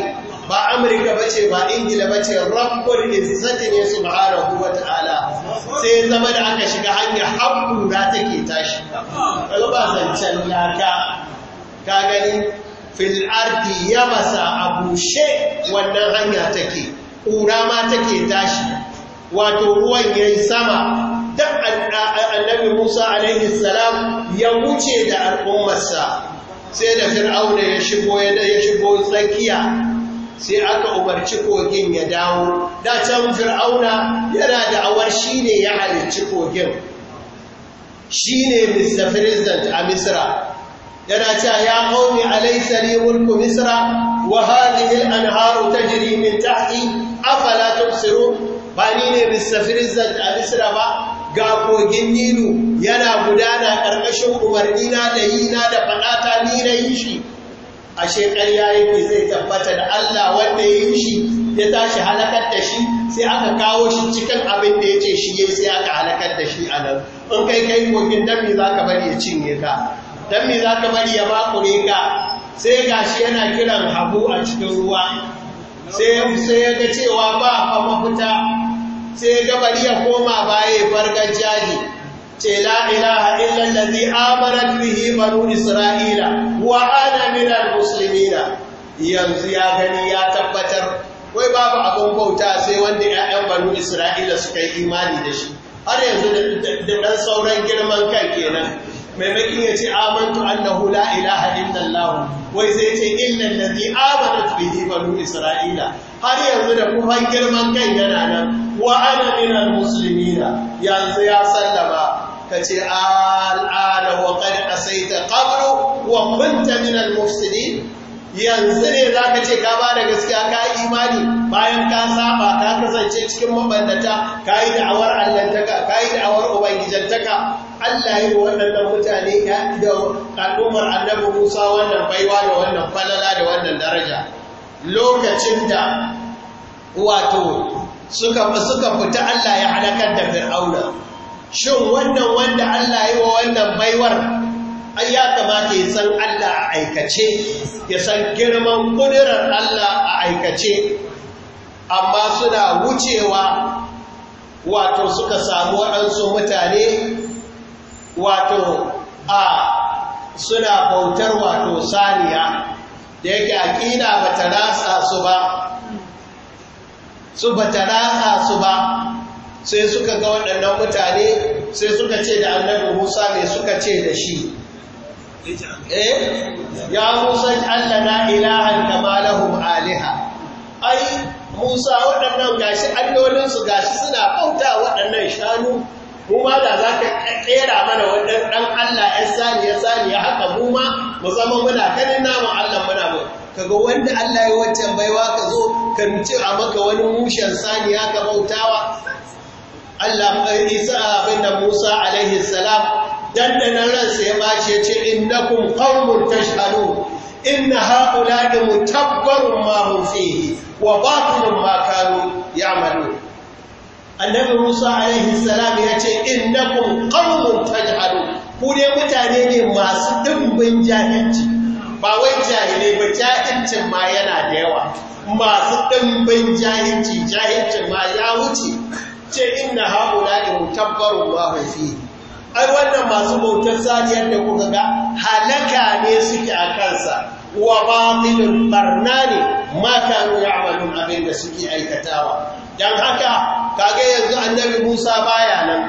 ba amurka bace ba ingila bace rabbul izzati ne subhanahu ta'ala sai zama da aka shiga hanya habbu da take tashi kaga ba zancan laka ka gani fil ardi yamasa abushe wannan hanya take ƙura ma take tashi wato ruwan yayi sama Duk annabi Musa alaihi salam ya wuce da al'ummarsa sai da fir'auna ya shigo ya shigo tsakiya sai aka umarci kogin ya dawo da can fir'auna yana da awar shine ya halicci kogin ne Mr President a Misra yana ta ya qaumi alaysa li mulku Misra wa hadhihi anharu tajri min tahti afala ba ni ne Mr President a Misra ba ga kogin nilu yana gudana ƙarƙashin umarni na da yi na da faɗata ni na yi shi a shekar yake zai tabbata da Allah wanda ya yi shi ya tashi halakar da shi sai aka kawo shi cikin abin da ya ce shi ya sai aka halakar da shi a nan in kai kai kogin mi za ka bari ya cinye ka mi za ka bari ya makure ka sai ga shi yana kiran habu a cikin ruwa sai ya ga cewa ba fa mafita sai gabari ya koma baya farkar jaji ce la ilaha illa bihi banu isra'ila wa ana musulmina yanzu ya gani ya tabbatar wai babu abin bauta sai wanda ‘ya'yan banu Isra'ila suka yi imani da shi, har yanzu da ɗan sauran girman kan kenan, maimakon ya ce amantu annahu la ilaha illallah wai sai ce illal ladhi amanat bihi banu isra'ila har yanzu da kufan girman kai yana nan wa ana minal muslimina yanzu ya sallama kace al'ana wa qad asaita qablu wa kunta minal mufsidin yanzu ne za ka ce ka ba da gaskiya ka yi imani bayan ka saba ka kasance cikin mabandata ka yi da'awar allantaka ka yi da'awar ubangijantaka Allah yi wa waɗannan mutane ya da al'ummar annabi Musa wannan baiwa da wannan falala da wannan daraja lokacin da wato suka suka fita Allah ya halakar da Fir'auna shin wannan wanda Allah yi wa wannan baiwar ai ya kamata ya san Allah a aikace ya san girman kudirar Allah a aikace amma suna wucewa wato suka samu waɗansu mutane wato a suna bautar wato saniya da yake aƙida ba ta ratsa su ba su ba ta ratsa su ba sai suka ga waɗannan mutane sai suka ce da annabi musa mai suka ce da shi eh ya musa allah na ilahan kama lahum aliha ai musa waɗannan gashi allolinsu gashi suna bauta waɗannan shanu mu ma da za ka tsera mana wannan ɗan Allah ‘yan sani ya haka mu ma musamman muna kanin namun Allah muna mu kaga wanda Allah ya wancan baiwa ka zo ka nuce a maka wani mushen saniya ka bautawa Allah eh, Isa abin da Musa alaihi salam dandana ransa ya bace ce innakum qaumun tashhadun inna haula'i mutabbarun ma hum fihi wa batilun ma kanu ya'malun annabi musa alaihi salam ya ce innakum qaumun tajhalun ku ne mutane ne masu dimbin jahilci ba wai jahilai ba jahilcin ma yana da yawa masu dimbin jahilci jahilcin ma ya wuce ce inna haula in mutabbaru ma fi ai wannan masu bautar zaliyar da kuka ga halaka ne suke a kansa wa batilun barna ne ma kanu ya'malun abin da suke aikatawa don haka kage yanzu annabi musa baya nan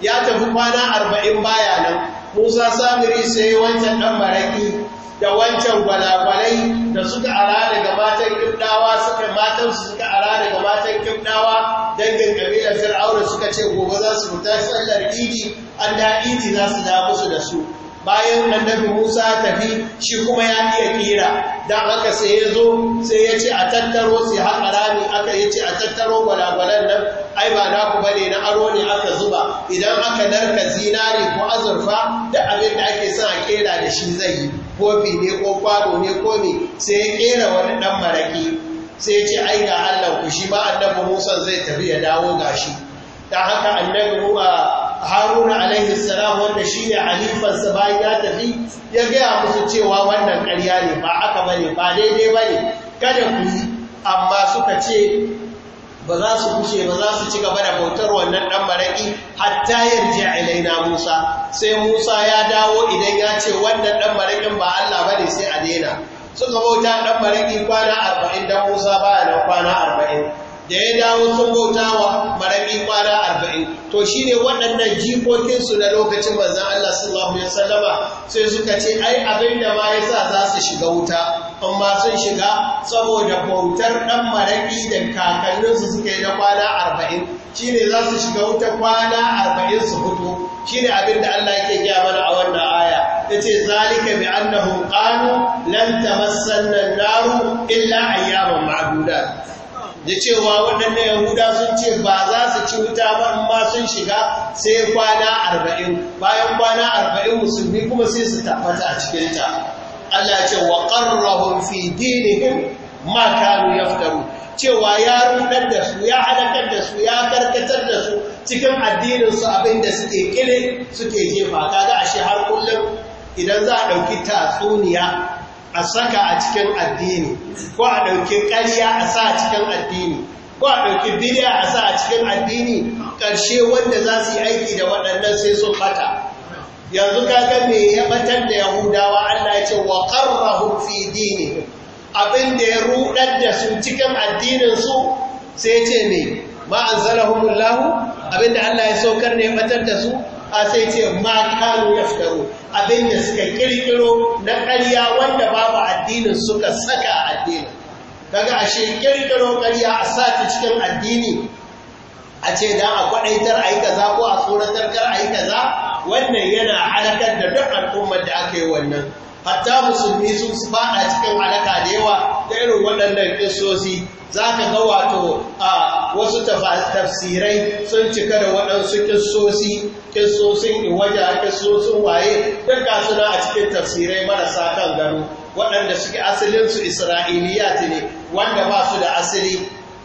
ya tafi kwana arba'in baya nan musa samiri sai wancan ɗan maraki da wancan gwalagwalai da suka ara daga matan kibdawa suka matansu suka ara daga matan kibdawa dangin kabilar fir'auna suka ce gobe za su fita sallar idi an da idi za su da musu da su bayan annabi Musa tafi shi kuma ya iya kira dan haka sai ya zo sai ya ce a tattaro sai har arami aka yace a tattaro gwalagwalan nan ai ba na ku bane na aro ne aka zuba idan aka narka zinari ko azurfa da abin da ake son a kera da shi zai yi kofi ne ko kwano ne ko me sai ya kera wani dan maraki sai ya ce ai ga Allah ku shi ba annabi Musa zai tafi ya dawo gashi da haka annabi ruwa haruna alaihi salam wanda shi ne sa bayan ya tafi ya gaya musu cewa wannan ƙarya ne ba aka ba ne ba daidai ba ne kada ku yi amma suka ce ba za su kushe ba za su ci gaba da bautar wannan ɗan maraƙi hatta yarji ilaina musa sai musa ya dawo idan ya ce wannan ɗan maraƙin ba allah ba ne sai a daina suka bauta ɗan maraƙi kwana arba'in don musa ba ya nan kwana arba'in da ya dawo sun bauta wa marami kwana arba'in to shi ne waɗannan jikokinsu na lokacin manzan Allah sallallahu Alaihi wasallama sai suka ce ai abin da ma ya sa za su shiga wuta amma sun shiga saboda bautar ɗan marami da kakanninsu suka yi na kwana arba'in shi ne za su shiga wuta kwana arba'in su fito shi ne abin da Allah yake gaya mana a wannan aya ya ce zalika bi annahum qalu lan tamassanna an-naru illa ayyaman ma'dudat da cewa waɗannan yahuda sun ce ba za su ci wuta ba amma sun shiga sai kwana arba'in bayan kwana arba'in musulmi kuma sai su tabbata a cikinta Allah ce wa ƙarrahun fi dinihim ma kanu yaftaru cewa ya rudar da su ya halakar da su ya karkatar da su cikin addininsu abinda suke kile suke jefa kaga ashe har kullum idan za a ɗauki tatsuniya a saka a cikin addini ko a ɗauki ƙarya a sa a cikin addini ko a ɗauki bidiya a sa a cikin addini ƙarshe wanda za su yi aiki da waɗannan sai sun bata yanzu kaga me ya batar da yahudawa Allah ya ce wa qarrahum fi dini abin da ya rudar da su cikin addinin su sai ce ne ma anzalahumullahu abin da Allah ya saukar ne ya batar da su a sai ce ma kanu abin da suka kirkiro na ƙarya wanda babu addinin suka saka addini. addinin daga ashe kirkiro ƙarya a sati cikin addini a ce da a kwaɗaitar a yi kaza ko a tsoratar kar a yi kaza wannan yana halakar da duk al'ummar da aka yi wannan hatta musulmi sun fada cikin halaka da yawa da irin waɗannan kisosi za ka ga wato a wasu tafsirai sun cika da waɗansu kisosi kisosin iwaja kisosin waye ka suna a cikin tafsirai marasa kan gano waɗanda suke asalinsu isra'iliya ne wanda ba su da asali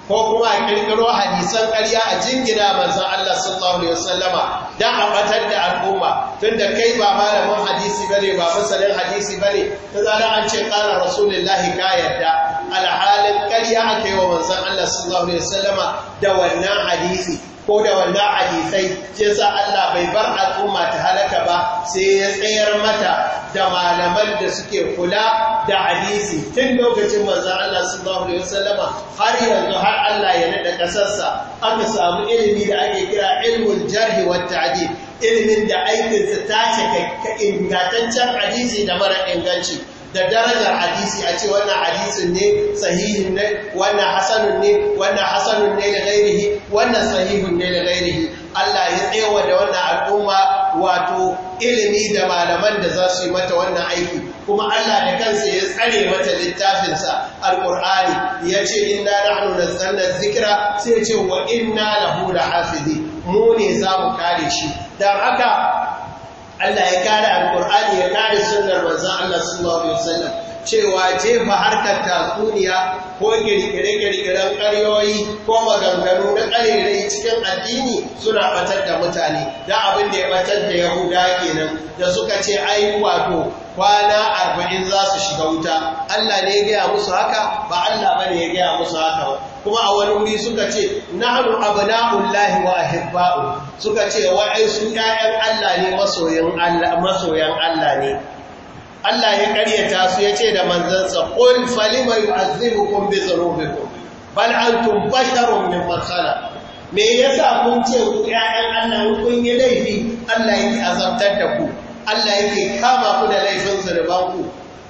ko kuma a ƙirƙiro hadisan ƙarya a jingina manzan Allah sallallahu alaihi wasallama dan a batar da al'umma tunda kai ba malamin hadisi bane ba masanin hadisi bane ta zara an ce qala rasulullahi ka yadda alhalin ƙarya aka yi wa manzan Allah sallallahu alaihi wasallama da wannan hadisi ko da wannan hadisai yasa Allah bai bar al'umma ta halaka ba sai ya tsayar mata da malaman da suke kula da hadisi tun lokacin manzon Allah sallallahu alaihi wasallama har yanzu har Allah ya nada kasarsa aka samu ilimi da ake kira ilmul jarh wa ta'dil ilimin da aikinsa ta ingataccen ingantaccen hadisi da mara inganci da darajar hadisi a ce wannan hadisin ne sahihin ne wannan hasanun ne wannan hasanun ne da gairihi wannan sahihun ne da gairihi Allah ya tsewa da wannan al'umma wato ilimi da malaman da za su yi mata wannan aiki kuma Allah da kansa ya tsare mata littafinsa alƙur'ani ya ce inna nahnu nazzalna zikra sai ya ce wa inna lahu lahafizi mu ne za mu kare shi dan haka Allah ya kare alkur'ani ya kare sunnar manzon Allah sallallahu alaihi wasallam cewa jefa harkar tatsuniya ko kirkire-kirkiren karyoyi ko maganganu na ƙarirai cikin addini suna batar da mutane da abin da ya batar da yahuda kenan da suka ce ai wato kwana arba'in za su shiga wuta allah ne ya gaya musu haka ba allah ba ne ya gaya musu haka ba kuma a wani wuri suka ce na'anu lahi wa ahibba'u suka ce wa'ai su 'ya'yan allah ne masoyan allah ne Allah ya karyata su ya ce da manzansa qul falima kun bi ku, bal tun basharun mai matsala. me ya sa kun ce ku ƴaƴan Allah kun yi laifi Allah yake azabtar da ku Allah yake kama ku da laifin zurban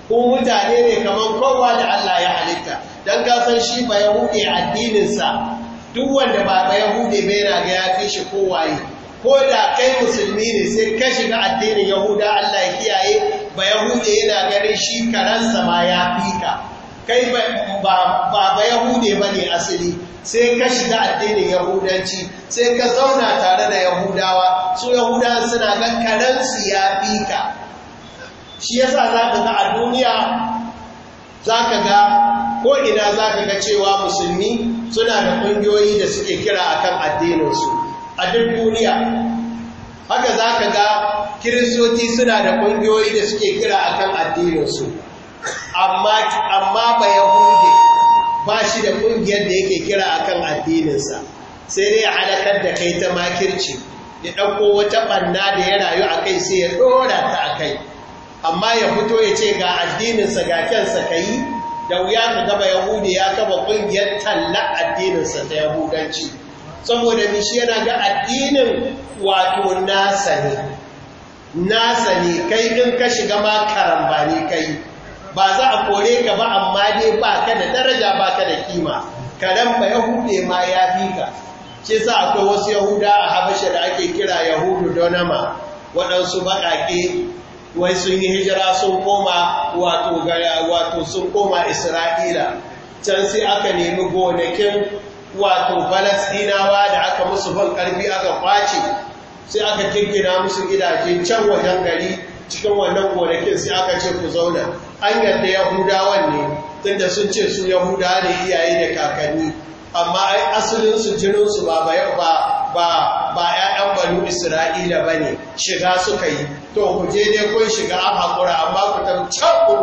ku mutane ne kamar kowa da Allah ya halitta don gasar shi ba ya addinin addininsa? duk wanda ba ba yahudi ba yana ga ya fi shi kowaye ko da kai musulmi ne sai ka shiga addinin yahuda Allah ya kiyaye ba yahude yana ganin shi karansa ma ya fi ka kai ba ba yahude ba ne asali sai ka shiga addinin yahudanci sai ka zauna tare da yahudawa su yahudawa suna ga karansu ya fi ka shi yasa za ka ga a duniya za ka ga Ko ina za ka ga cewa musulmi suna da ƙungiyoyi da suke kira akan addininsu a duk duniya haka za ka ga kiristoci suna da ƙungiyoyi da suke kira a kan addininsu amma ba yahudi ba shi da ƙungiyar da yake kira a kan addininsa sai dai ya halakar da kai ta makirci ya ɗauko wata ɓanna da ya rayu a kai sai ya ɗora ta a kai amma ya fito ya ce ga addininsa ga kyansa ka yi da wuya ka gaba yahudi ya kaba ƙungiyar talla addininsa ta yahudanci saboda ni yana ga addinin wato nasa ne nasa ne kai din ka shiga ma ne kai ba za a kore ka ba amma dai ba ka da daraja ba ka da kima karan ba yahude ma ya fi ka ce sa akwai wasu yahuda a habasha da ake kira yahudu donama waɗansu baƙaƙe wai sun yi hijira sun koma wato sun koma isra'ila can sai aka nemi gonakin wato Falasɗinawa da aka musu ban ƙarfi aka kwace sai aka kirkina musu gidaje can wajen gari cikin wannan gonakin sai aka ce ku zauna an yarda yahudawan ne tunda sun ce su yahuda ne iyaye da kakanni amma ai asalinsu jininsu ba ba ba ba ‘ya'yan banu Isra'ila bane shiga suka yi, to ku je dai kun shiga a hakura amma ku ta can ku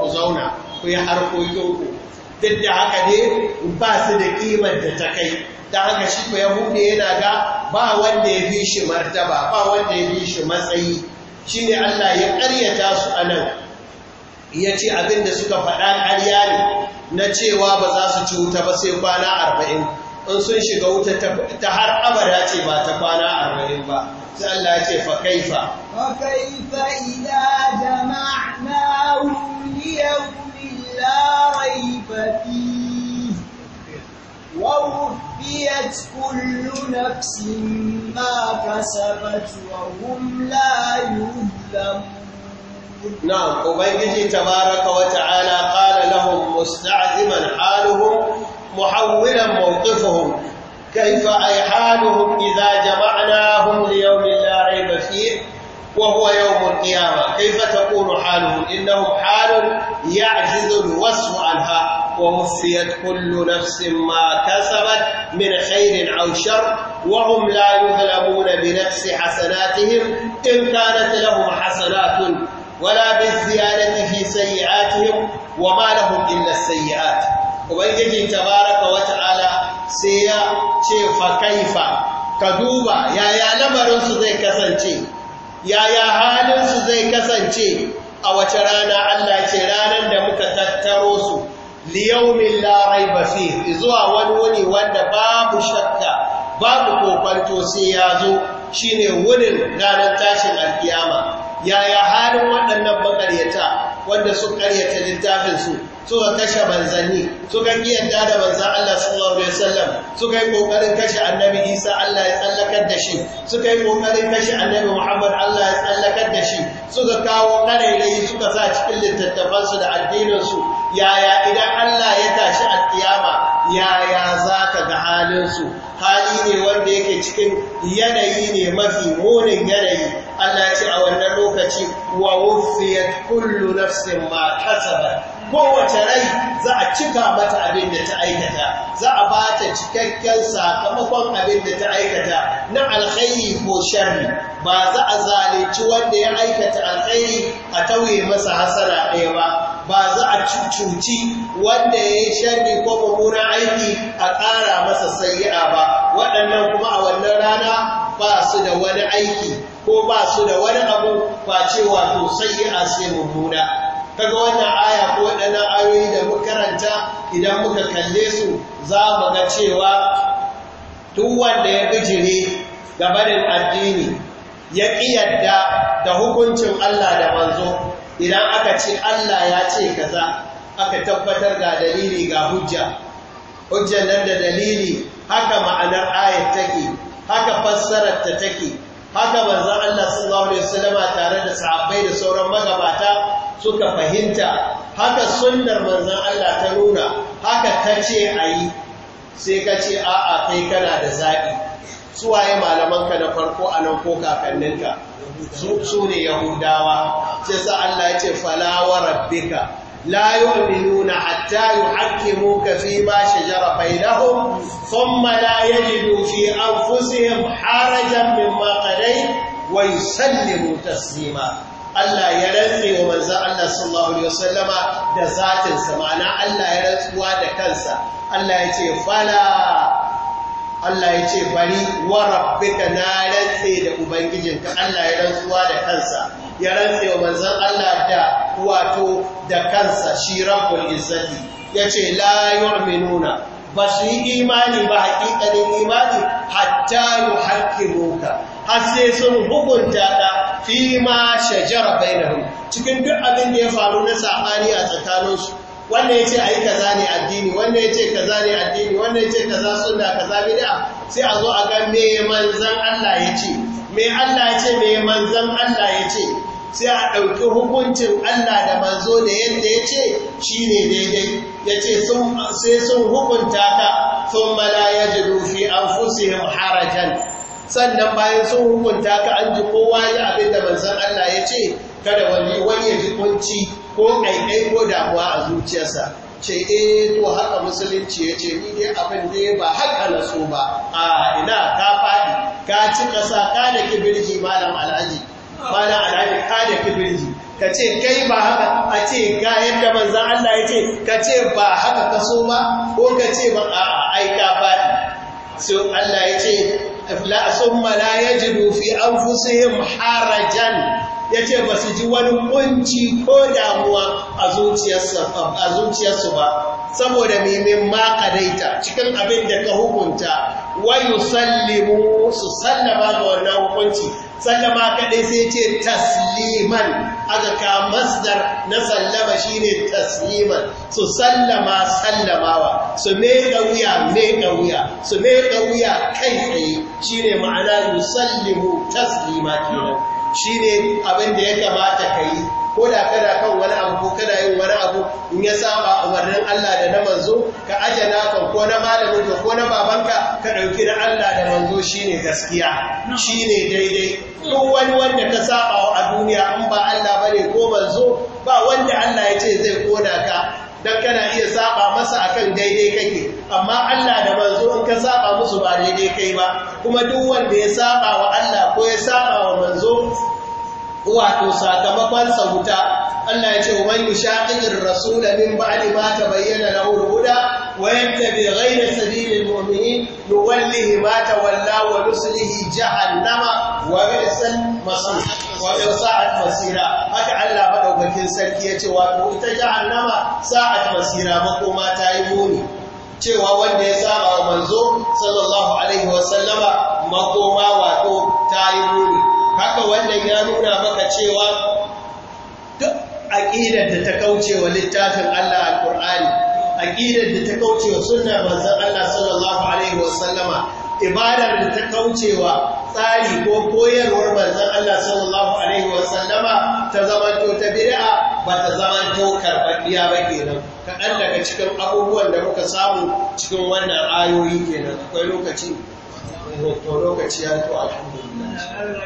ku zauna ku yi ku duk da haka ne ba su da ƙimar da ta kai da haka shi ko yahudu yana ga ba wanda ya fi shi martaba ba wanda ya fi shi matsayi shi ne allah ya ƙaryata su a nan ya ce abin da suka faɗa ƙarya ne na cewa ba za su ci wuta ba sai kwana arba'in in sun shiga wuta ta har abada ce ba ta kwana arba'in ba sai allah ya ce fa kaifa لا ريب فيه ووفيت كل نفس ما كسبت وهم لا يظلمون نعم وبنجي تبارك وتعالى قال لهم مستعزما حالهم محولا موقفهم كيف أي حالهم إذا جمعناهم ليوم لا ريب فيه وهو يوم القيامة كيف تكون حالهم إنهم حال يعجز الوصف عنها ووفيت كل نفس ما كسبت من خير أو شر وهم لا يظلمون بنفس حسناتهم إن كانت لهم حسنات ولا بالزيادة في سيئاتهم وما لهم إلا السيئات وبنجي تبارك وتعالى سيئة كيف كيف كدوبة يا يا لمرنس ذي كسنتي yaya halinsu zai kasance a wace rana Allah ce ranar da muka tattaro su liyaumin larai ba fi zuwa wani wuni wanda babu shakka babu kokwanto sai ya zo shine wurin ranar tashin alkiyama yaya halin waɗannan baƙaryata wanda su karyata littafinsu suka kashe manzanni suka kiyanta da manzan Allah sallallahu alaihi wasallam suka yi kokarin kashe annabi Isa Allah ya tsallakar da shi suka yi kokarin kashe annabi Muhammad Allah ya tsallakar da shi suka kawo karairayi suka sa cikin littattafan su da addinin su yaya idan Allah ya tashi a kiyama yaya zaka ga halin su hali ne wanda yake cikin yanayi ne mafi munin yanayi Allah ya ce a wannan lokaci wa wufiyat kullu nafsin ma kasabat kowace rai za a cika mata abin da ta aikata za a ba ta cikakken sakamakon abin da ta aikata na alkhairi ko sharri ba za a zalici wanda ya aikata alkhairi a tauye masa hasara ɗaya ba ba za a cuci wanda ya yi sharri ko mummunan aiki a ƙara masa sayi'a ba waɗannan kuma a wannan rana ba su da wani aiki ko ba su da wani abu ba cewa to sayi'a sai mummuna kaga wannan aya ko waɗannan ayoyi da muka karanta idan muka kalle su za mu ga cewa duk wanda ya bijire gabanin addini ya ƙiyarda da hukuncin Allah da manzo idan aka ce Allah ya ce kaza aka tabbatar ga dalili ga hujja hujjan nan da dalili haka ma'anar ayat take haka fassarar ta take haka manzo Allah sallallahu alaihi wasallama tare da sahabbai da sauran magabata suka fahimta haka sundar manzan Allah ta nuna haka ka ce a yi sai ka ce a a kai kana da zaɓi suwaye malamanka na farko a ko kakanninka su ne yahudawa ce sa Allah ya ce falawa rabbika la yu'minu na hatta yuhakkimu ka fi ma shajara bainahum thumma la yajidu fi anfusihim harajan mimma qadai wa yusallimu taslima Allah ya rantse wa manzan Allah sallallahu Alaihi wasallama da zatinsa ma'ana Allah ya rantsuwa da kansa Allah ya ce fala Allah ya ce bari wa rabbika na rantse da ubangijinka Allah ya rantsuwa da kansa ya rantse wa manzan Allah da wato da kansa shi rabbul izzati yace la yu'minuna ba su yi imani ba haƙiƙanin imani hatta yu haƙƙi roka har sun hukunta da fi ma shajara bainahum cikin duk abin da ya faru na sabani a tsakaninsu wannan yace ayi kaza ne addini wannan yace kaza ne addini wannan yace kaza sunna kaza bid'a sai a zo a ga me manzan Allah yace me Allah yace me manzan Allah yace sai a ɗauki hukuncin Allah da manzo da yadda ya ce shi ne daidai ya ce sai sun hukunta ka sun mala ya ji fi an fusihim harajan sannan bayan sun hukunta ka an ji kowa ya abin da manzan Allah ya ce kada wani wani ya ji kunci ko ɗaiɗai ko damuwa a zuciyarsa ce eh to haka musulunci ya ce ni ne abin da ba haka na so ba a ina ka faɗi ka ci ƙasa ka da kibirji malam alhaji malam alhaji ka da kibirji ka ce kai ba haka a ce ga yadda manzan Allah ya ce ka ce ba haka ka so ba ko ka ce ba a aika faɗi sai Allah ya ce la summa la yajidu fi anfusihim harajan yace ba su ji wani kunci ko damuwa a zuciyarsu ba saboda mimin ma kadaita cikin abin da ka hukunta wai sallimu su sallama ga wannan hukunci sallama kaɗai sai ce tasliman aka ka masdar na sallama shine tasliman su sallama sallamawa su meka wuya meka wuya su meka wuya kai tsaye shine ma'ana musallimu taslima kenan ne abin da ya kamata ka yi ko da kada kan wani abu ko kada yin wani abu in ya saba umarnin Allah da na manzo ka aje kan ko na malamin ka ko na babanka ka dauki da Allah da manzo shine gaskiya shine daidai duk wani wanda ka saba a duniya in ba Allah bane ko manzo ba wanda Allah ya ce zai koda ka dan kana iya saba masa akan daidai kake amma Allah da manzo in ka saba musu ba daidai kai ba kuma duk wanda ya saba wa Allah ko ya saba wa manzo wato sakamakon sa wuta Allah ya ce wa man yushaqiqir rasul min ba'di ma tabayyana lahu al-huda wa yattabi ghayra sabilil mu'minin nuwallihi ma tawalla wa nuslihi jahannama wa bi'sal masir wa sa'at masira haka Allah madaukakin sarki ya ce wato ita jahannama sa'at masira makoma ta yi muni cewa wanda ya saba wa manzo sallallahu alaihi wa sallama makoma wato ta yi muni haka wannan ya nuna maka cewa duk aqidar da ta kauce wa littafin Allah al-Qur'ani aqidar da ta kauce wa sunnar manzon Allah sallallahu alaihi wasallama ibadar da ta kauce wa tsari ko koyarwar manzon Allah sallallahu alaihi wasallama ta to ta bid'a ba ta zamanto karɓaɗɗiya ba kenan kaɗan daga cikin abubuwan da muka samu cikin wannan ayoyi kenan akwai lokaci lokaci ya to alhamdulillah Allah